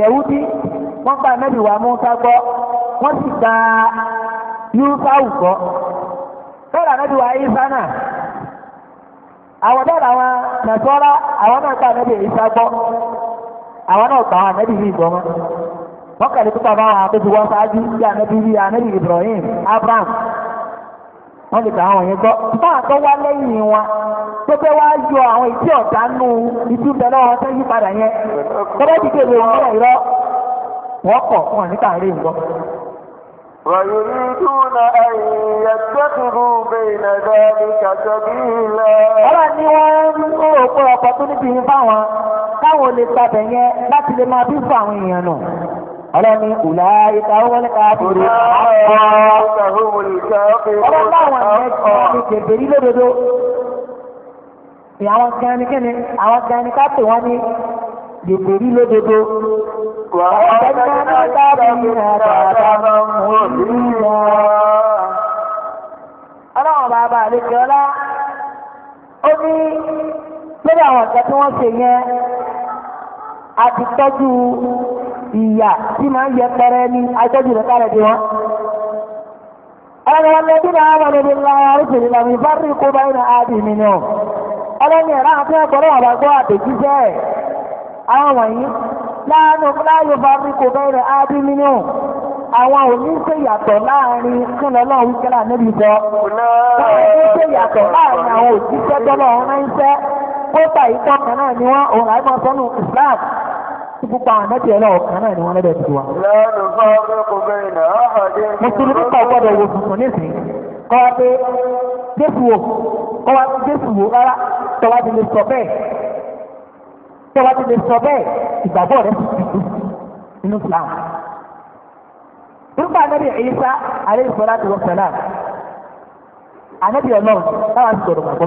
yẹ̀wúdí wọ́n gba ànábì wa Mùsá gbọ́ wọ́n sì gba Yúsàù gbọ́ bẹ́ẹ̀ ànábì wa Ìsá náà àwọn bẹ́ẹ̀ làwọn nàṣọ́rá àwọn náà gba ànábì Ìsá gbọ́ àwọn náà gba ànábì yìí gbọ́ wọn wọ́n kàlẹ́ pípa báwọn àtẹ́jú wọn ṣáájú bí ànábì yìí ànábì Ibrahim Abraham wọ́n lè ta àwọn yẹn gbọ́. báà tó wá lẹ́yìn tó fẹ́ wá yọ àwọn ìtí ọ̀tá nù ìtúbẹ̀ yí padà yẹn tọ́lá ti kéde òun náà wọ́n kọ̀ wọn nǹkan. ni wọ́n ń rò pé ọkọ̀ tó fún àwọn ọlọ́ni ìlà ìta ọwọ́lẹ́ka àbúrò ọlọ́láwọn ẹ̀kọ́ ní kèbèrí lódodo àwọn gani kíni àwọn gani ká pè wọ́n ní kèbèrí lódodo ọlọ́wọ̀n bàbá àlejò ọlá ó ní lórí àwọn ìgbà tí wọ́n àti tọ́jú ìyà tí máa ń yẹ pẹrẹ ní àtọ́jú rẹ̀ kárẹ̀ bí wọ́n. ọlọ́run lẹ́bí náà wọ́n lè la arúgbìn ìlànà ìbárí kó báyìí náà áàdì mi nù. ọlọ́run ẹ̀rọ àti ẹgbọ́rọ̀ àbágbọ́ àtẹ̀jíṣẹ́ àwọn wọ̀nyí láàyò bárí kó báyìí náà áàdì mi nù àwọn òní ṣe yàtọ̀ láàrin kílọ̀ náà wí kílà níbi sọ. Báyìí ṣe yàtọ̀ láàrin àwọn òjíṣẹ́ tọ́lọ̀ ọ̀rán iṣẹ́. Kópa ìtọ́kàn náà ni wọ́n òun àìmọ̀ sọ́nù Islam tí púpọ̀ àwọn mẹ́tẹ̀ẹ́ lọ́wọ́ kan náà ni wọ́n lẹ́bẹ̀ẹ́ ti wà. mùsùlùmí kan gbọ́dọ̀ wo tuntun nísìnyí kọ́ wá pé jésù wò kọ́ wá jésù wò rárá tọ́wá ti lè sọ bẹ́ẹ̀ tọ́wá ti lè sọ bẹ́ẹ̀ ìgbàgbọ́ rẹ̀ ti ti dùn nínú Islam. Nípa anábì Ìsá alayhi salatu wa salam ọlọ́run táwa ti sọ̀rọ̀ gbàgbọ́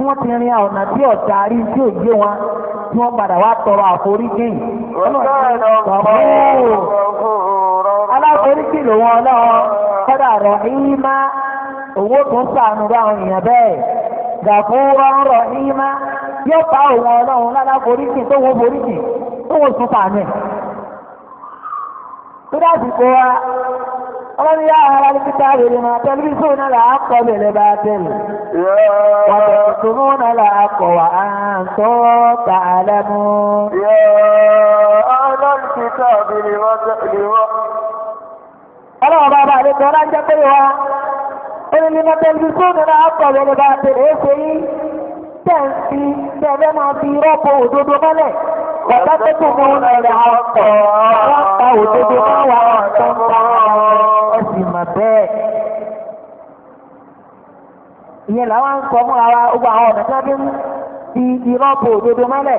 tí wọ́n ti rin ọ̀nà tí ọ̀tá rí tí ò gbé wọn tí wọ́n padà wá tọrọ àforíjì. aláforíjì ló wọn lọ́wọ́ kọ́dà rọ̀ ìmá owó tó ń sànù bá tírásìkò wa ọlọ́ni yá ara ní kíkà rèé máa tẹlifíṣù náà là á kọ́ bẹ̀rẹ̀ bá tẹ̀lé. wàtò tuntun náà là á kọ̀ wá à ń tọ́ ta àlẹ́ mú. ọlọ́ni kíkà mi ni wọ́n tẹ̀lé wọ́n. ọlọ́wọ́ bàbá àlejò ọlájẹ́ pé wa ó ní ní tẹlifíṣù náà là á kọ̀ bẹ̀rẹ̀ bá tẹ̀lé é ṣe yí tẹ̀ ń fi tẹ̀lé máa fi rọ́pò òdodo mọ́lẹ̀. Bàbá tó tó mú ẹ̀rẹ̀ ọ̀tọ̀, wọ́n pa òdodo máa wà tó ń bá ẹ sì mà bẹ́ẹ̀. Ìyẹn làwọn ń sọ fún ara gbogbo àwọn ọ̀nà tí wọ́n fi ń fi irọ́ bo òdodo mọ́lẹ̀.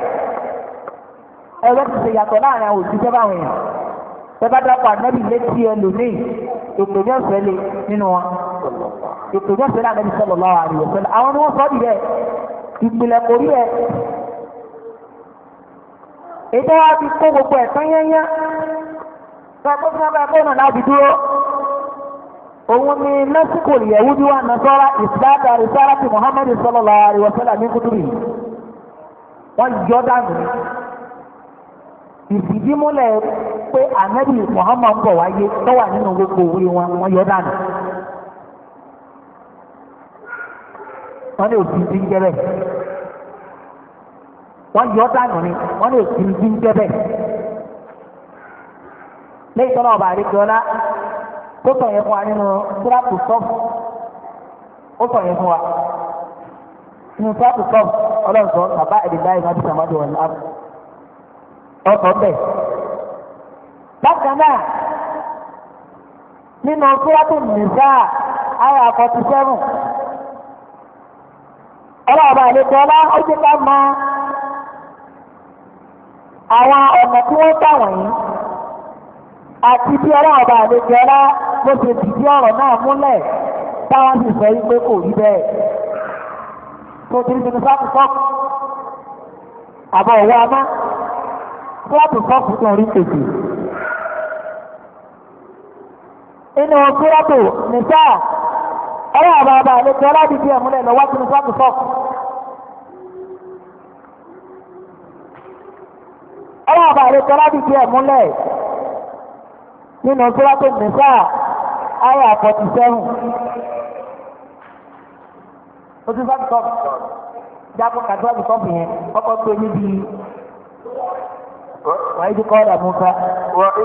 Ẹgbẹ́ ti ṣe yàtọ̀ láàrin àwọn òṣìṣẹ́ báwọn èèyàn. Bẹ́ẹ̀ bá dápọ̀ ànábì létí ẹlòmíì, ètò ní ọ̀sẹ̀ le nínú wọn. Ètò ní ọ̀sẹ̀ náà ànábì sọ̀rọ̀ lọ́wọ́ àríwọ̀ pẹ̀lú àwọn ni wọ́n sọ ìbẹ̀ ìpìlẹ̀ kò rí ẹ̀ ìbọn wa ti kó gbogbo ẹ̀sán yẹ́nyẹ́ sọ pé fún ọba fẹ́ràn láti dúró òun ni lásìkò ìyẹ̀wù bí wà nasara ìsìláàtà ní wọ́n yọ dànù ìfìdímúlẹ̀ pé bọ̀ wáyé tó wà nínú gbogbo wọn wọ́n yọ dànù. wọ́n ní òfin ti ń jẹ́ bẹ́ẹ̀. wọ́n yọ dànù ni wọ́n lè fi bí ń lẹ́yìn tó ọba àdékọ́lá tó sọ yẹn fún wa nínú tíráàpù sọ́ọ̀fù ó sọ yẹn fún wa nínú tíráàpù sọ́ọ̀fù ọlọ́sọ̀ bàbá ẹ̀dínláyé náà ti sàmọ́dé wọn láàbù ọkọ̀ bẹ̀. bákan náà nínú tíráàpù nìsáà ayà forty seven ọlọ́ọ̀bà àdékọ́lá ó jẹ́ ká máa. àwọn ọ̀nà tí wọ́n gbà wọ̀nyí àti bí ọlọ́run bá lè jẹ́ ọlá bó ṣe dìdí ọ̀rọ̀ náà múlẹ̀ táwọn sì sọ wípé kò rí bẹ́ẹ̀. tó ti rí tuntun sáàpù sọ́ọ̀kù àbọ̀ òwò amá sáàpù sọ́ọ̀kù kan rí tètè. inú sírọ́tò nìṣà ọlọ́run ọlá dìdí ẹ̀ múlẹ̀ lọ́wọ́ tuntun sáàpù sọ́ọ̀kù. ọlọ́ọ̀bà rẹ̀ tọ́lá ti fi ẹ̀ múlẹ̀ nínú sọ́látò nìsà ayé àpọ̀tì sẹ́hùn. o ti sábì tọ́pù jápò kàtíwájú tọ́pù yẹn kọ́kọ́ tó yé bí وإذ قال موسى وإذ,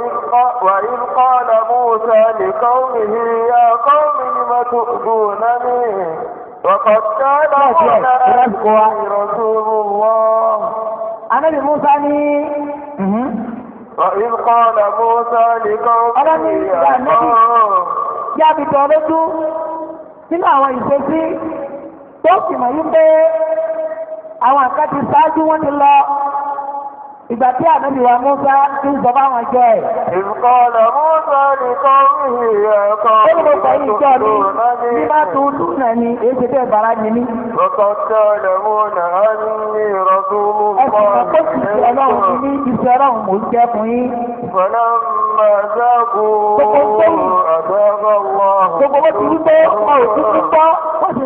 وإذ قال موسى لقومه يا قوم لم تؤذونني وقد كان هناك رسول الله Anábì Musa ní. Ìlú kọ́lá Musa nìkan kí ìyàtọ̀. Yá mi tọ́ lójú sínú àwọn ìṣesí tó sì yí pé àwọn àkàtì ṣáájú wọn ti lọ ìgbà tí ànábì wa Mùsá ti ń sọ báwọn jọ ẹ̀. ìkọlẹ̀ Mùsá nìkan ń hì ẹ̀kọ́. ó ló sọ yìí jọ mi bí má tó dùn náà ni èyí ṣe bẹ́ẹ̀ bára ni mí. lọ́kọ̀ tẹ́ ọ̀lẹ̀ mú náà ní ìrọ̀tún mú kọ́ ẹ̀sìn tó ti ṣe ọlọ́run ní ìṣẹ́ ọlọ́run mò ń jẹ́ fún yín. fọlá máa dáàbò àdáàbò wọn. gbogbo bó ti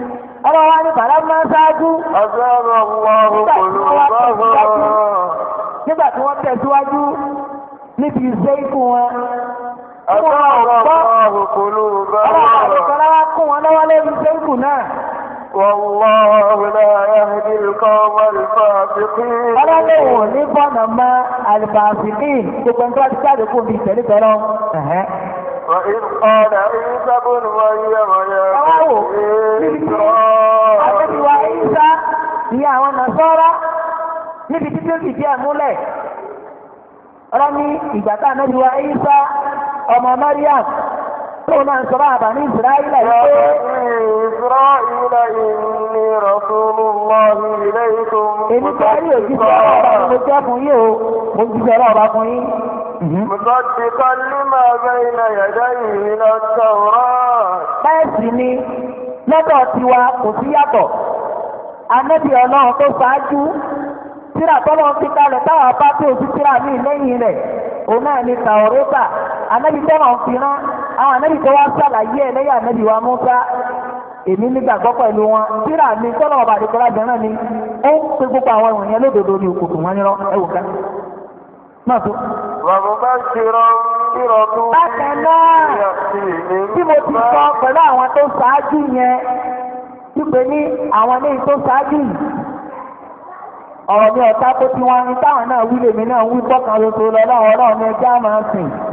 wí ọmọ wa ní bàrá máa ń ṣáájú. ọ̀sẹ̀rọ̀ wọ olùbọ̀wọ̀. nígbà tí wọ́n tẹ̀síwájú níbi iṣẹ́ ikú wọn. ọ̀sẹ̀rọ̀ wọ olùbọ̀wọ̀. ọlọ́run àti ìṣọ̀lá wa kún wọn lọ́wọ́ lẹ́nu iṣẹ́ ikú náà. والله لا يهدي القوم الفاسقين ọlọ́lẹ́wọ̀n ní bọ́nà mọ́ alifasikin gbogbo ń tọ́jú jáde kó bí ìtẹ̀lé tọ́lọ́. وإذ قال عيسى ابن مريم يا Àtẹ́bí wa Ìsá ní àwọn Nàṣọ́rá níbi títí ó fìdí ẹ̀ múlẹ̀. Ọlọ́ni ìgbà tá àtẹ́bí wa Ìsá ọmọ Mariam tó máa ń sọ bá àbá ní ìsirayílà yìí pé. ìsirayílà ìní rasulullahi ilaykum. èmi tó rí òjíṣẹ́ ọlọ́ọ̀bá ni mo jẹ́ fún yín o mo jíṣẹ́ ọlọ́ọ̀bá fún yín. مصدقا mhm. لما sí tíra tọ́lọ́ fi kalẹ̀ rẹ̀ òun náà ni tàwọ́rẹ́tà anẹ́bí tọ́lọ́ fi rán àwọn ànábì tó wá sàlàyé ẹ̀ lẹ́yìn wa Musa èmi pẹ̀lú wọn síra mi tọ́lọ̀ ọba àdìkọ́lá bẹ̀rẹ̀ ni ó ń pe gbogbo àwọn ìròyìn yẹn lódodo ní òkùnkùn wọn nírọ́ ẹ ká. máa tó. bàbá bá ṣe rọ bí sọ pẹ̀lú àwọn tó ṣáájú yẹn ní àwọn ní tó ṣáájú ọ̀rọ̀ mi ọ̀tá kó tí wọ́n ń táwọn náà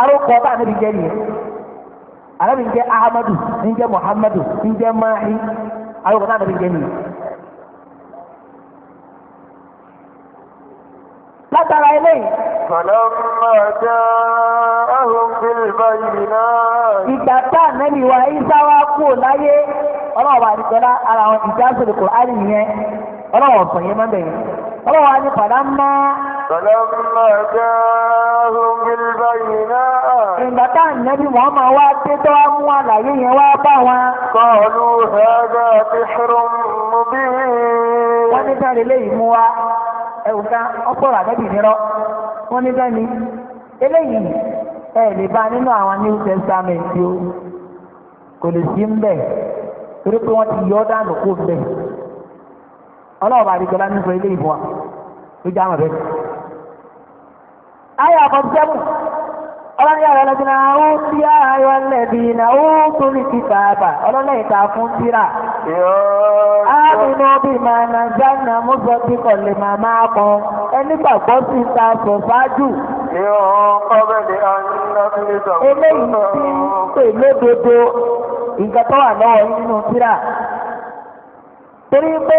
arókọ bá anabi jẹ nìyẹn anabi jẹ ahamadu njẹ muhammadu njẹ mahi arókọ bá anabi jẹ nìyẹn. látara eléyìí. Ìgbà tá ànábì wa Isa wá kú láyé, ọlọ́ọ̀bà àdìgbọ́lá ara àwọn ìjà sọ̀rọ̀ ọlọ́wọ̀n sọ yẹn máa ń bẹ̀rẹ̀ ọlọ́wọ̀n á ní padà mọ́. Sọlọ́mọ wọ́n máa wá dé tó wá mú yẹn wá bá wọn. Kọ́ọ̀lù ti mú bí. Wọ́n ní léyìí mú wa. Ẹ̀wù Wọ́n ní Eléyìí ẹ̀ lè bá nínú àwọn New Testament yìí Kò lè sí ń bẹ̀. Torí pé wọ́n ti yọ ọ́ dànù kó bẹ̀. ọlọ́ọ̀bà àdìgbọ́lá ní sọ ilé ìfọ̀ wa ló já mọ̀ bẹ́ẹ̀. ayé àkọ́bùsẹ́mù ọlọ́ni àwọn ẹlẹ́dínà ó tí ayọ̀ ẹlẹ́dínà ó tó ní kíkà àbà ọlọ́lẹ́ ìta fún tíra. Àmìnà bíi máa nà Jánà Mọ́sọ̀ tí kò lè máa máa kọ. Ẹni gbàgbọ́ sí ta sọ ṣáájú. Eléyìí ti ń pè lódodo nǹkan tó wà lọ́wọ́ nínú tíra. Torí pé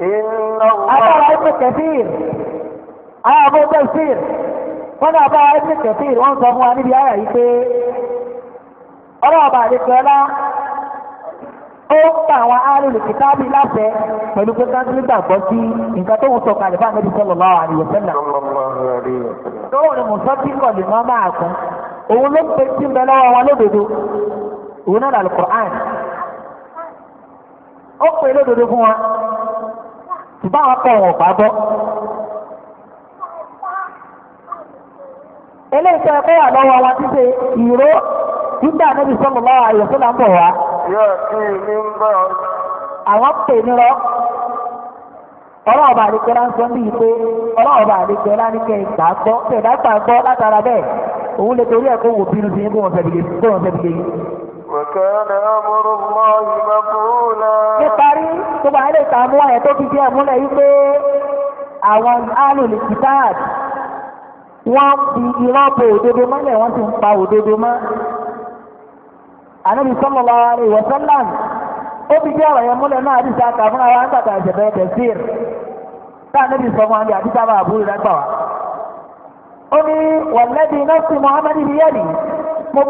àbá ibn Kathir àwọn àbó tafsir wọ́n ní àbá ibn Kathir wọ́n sọ fún wa níbi àyà yìí pé ọlọ́ọ̀bà àdìsọ́lá ó ń pa àwọn alùlùkìtàbí láfẹ́ pẹ̀lú pé káńtìlì gbàgbọ́ sí nǹkan tó ń sọ kàlẹ́ fún àmì sallallahu alaihi wasallam. tóun ni mùsọ́tì kọ̀ lè máa máa kún òun ló ń pe tí ń bẹ lọ́wọ́ wọn lódodo òun náà lálùkùránì ó pè lódodo fún wa ṣùgbọ́n àwọn akọ̀ wọn ò bá gbọ́. eléyìí tó ẹ̀kọ́ wà lọ́wọ́ wa ti ṣe ìró nígbà níbi sọ́mù lọ́wọ́ àyọ̀sọ́là ń bọ̀ wá. yóò kí mi ń bọ̀. àwọn pè ní lọ ọlọ́ọ̀bà àdìgbẹ́lá ń sọ ní ìpè ọlọ́ọ̀bà àdìgbẹ́lá ní kẹ́ ìgbà gbọ́ tẹ̀dá gbà gbọ́ látara bẹ́ẹ̀ òun lè torí ẹ̀kọ́ wò bínú sí bóun fẹ́ bìlẹ̀ bóun fẹ́ bìlẹ̀ ni tó bá lè ya tó fi jẹ́ múlẹ̀ yí àwọn alùlù kìtáàdì wọ́n fi irọ́ bo òdodo mọ́lẹ̀ wọ́n ti ń pa òdodo mọ́. ànábi sallallahu alaihi wasallam ó fi jẹ́ ọ̀rọ̀ yẹn múlẹ̀ náà àti sáà kà fún àwọn àgbàdo àjẹbẹ́ àti sábà àbúrò wá. ó ní mo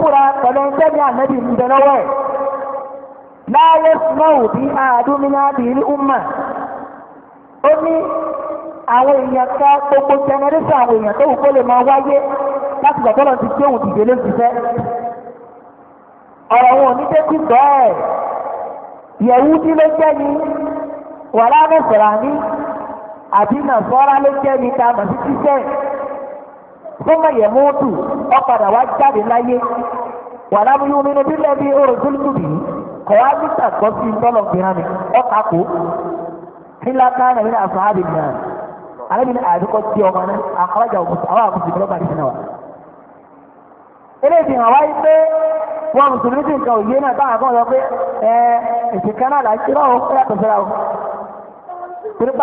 búra pẹ̀lú ẹgbẹ́ mi ń bẹ lọ́wọ́ ẹ̀. la yasma'u bí àádọ́ mi náà bí ní o ni ní àwọn èèyàn ká gbogbo jẹnẹrẹsì àwọn èèyàn tó wù lè máa wáyé láti gbàgbọ́ ti gbé òun dìde lóṣù ọ̀rọ̀ wọn ní dé kíkọ́ ẹ̀ tí ló jẹ́ ni wàhálà mẹ́sàrà ní àbí nàfọ́ra ló jẹ́ ni ká màsí kíkẹ́ fún mọ̀yẹ̀mọ́tù wá jáde wàlámù yóò nínú bí lẹ́bi ọ̀rọ̀ tó lùtù bì í wá ní sàkọ́ sí tọ́lọ̀ gbìyànjú mi ọkà kó nílá káyọ̀ nínú àfọ̀ ábì náà alábi ní àdúkọ tí ọmọ náà àkọ́jà òkùnkùn àwọn àkùnkùn ìgbọ́lọ́gbà ní sinawà. eléyìí hàn wáyé pé wọn mùsùlùmí sì nǹkan òye náà táwọn akọ́wọ́ sọ pé ẹ kan náà láti rọ́ yàtọ̀ síra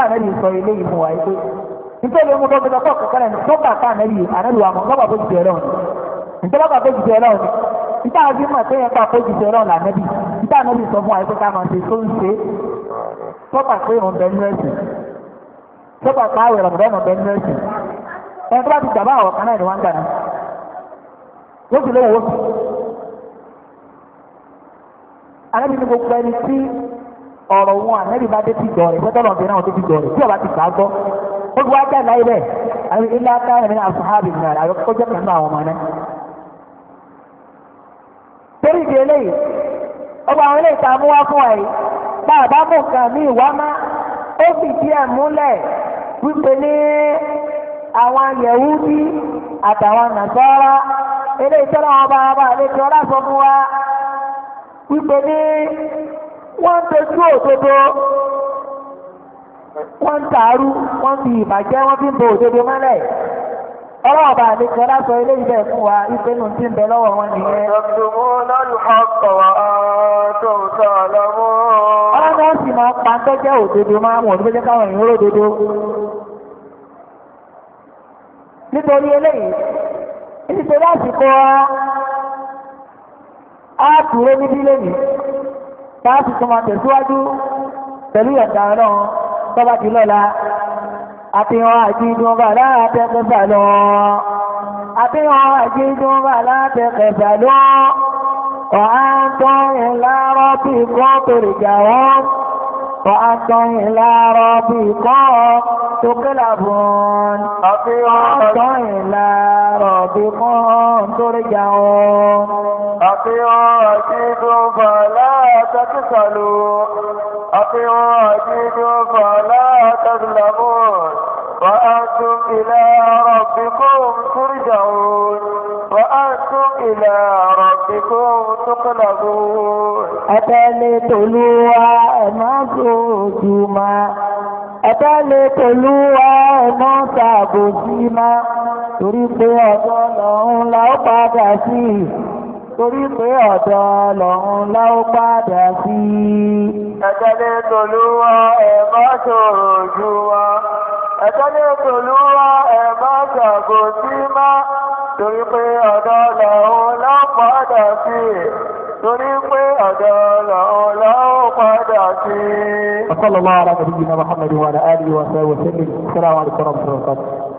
ànábì sọ eléyìí fún wa yìí pé nítorí pọ̀ níta àwọn bímọ pé yẹn pàpọ̀ jù sẹ́rọ̀ là nẹ́bí níta nẹ́bí sọ fún wa pé ká máa ṣe tó ń ṣe tọ́pà pé òun bẹ nínú ẹ̀sìn tọ́pà pé àwẹ̀ rọ̀mọ̀dọ́nà bẹ nínú ẹ̀sìn ẹni tó bá ti dàbá àwọn kan náà ni wọ́n ń gbà náà yóò fi lówó anẹ́bí ní gbogbo ẹni tí ọ̀rọ̀ wọn anẹ́bí bá dé ti jọ rẹ̀ fẹ́tọ́ lọ́ọ̀bì náà tó ti jọ rẹ̀ tí ọba ti gbà gbọ́ ó ti wá jẹ́ láyé bẹ́ẹ̀ ilé akáyọ̀ ní asọ́hábì náà àyọkọ́jọ́ pẹ̀lú àwọn ọmọ náà torí ìdí eléyìí ọgbà àwọn ilé ìta mú wá fún ẹ yìí bá a bá mú nǹkan mi wá má ó fìdí ẹ̀ múlẹ̀ wípé ní àwọn Yẹ̀húdí àtàwọn Nàsárà ilé ìtọ́lá wọn bá bá àlejò ọlásọ fún wa wípé ní wọ́n ń òdodo wọ́n ń ọlọ́ọ̀bà àlejò aláṣọ ilé ibẹ̀ fún wa ipe tí ń bẹ lọ́wọ́ wọn nìyẹn. ọlọ́dún ó nítorí eléyìí nítorí àsìkò wa á dúró níbí lónìí tá a tẹ̀síwájú pẹ̀lú ìyọ̀ǹda ọlọ́run tó lọ́la àfihàn àjíjùn bà látẹ̀kẹ̀fà lọ àfihàn àjíjùn bà látẹ̀kẹ̀fà lọ ọ̀hántọ́ ìlà rọ́bì kan tó rìjà wọ́n. رأسا إلى ربكم تقلبون رأسا إلى ربكم ترجعون أطيعوا وأجيبوا فلا تكسلوا أطيعوا وأجيبوا فلا تظلمون وأنتم إلى ربكم ترجعون أنتم إلى ربكم تقلبون أتالي تلوى أمازوجما أتالي تلوى أمازوجما torí pé ọ̀dọ̀ lọ́hún la ó padà sí torí pé ọ̀dọ̀ lọ́hún la ó padà sí. ẹ̀tẹ́lẹ̀ tòlúwọ́ ẹ̀ má ṣòro jù wá ẹ̀tẹ́lẹ̀ tòlúwọ́ ẹ̀ má sí má torí pé ọ̀dọ̀ làwọn lápadà sí torí pé ọ̀dọ̀ làwọn lápadà sí. وصلى الله على نبينا محمد وعلى اله وصحبه وسلم السلام عليكم ورحمه الله وبركاته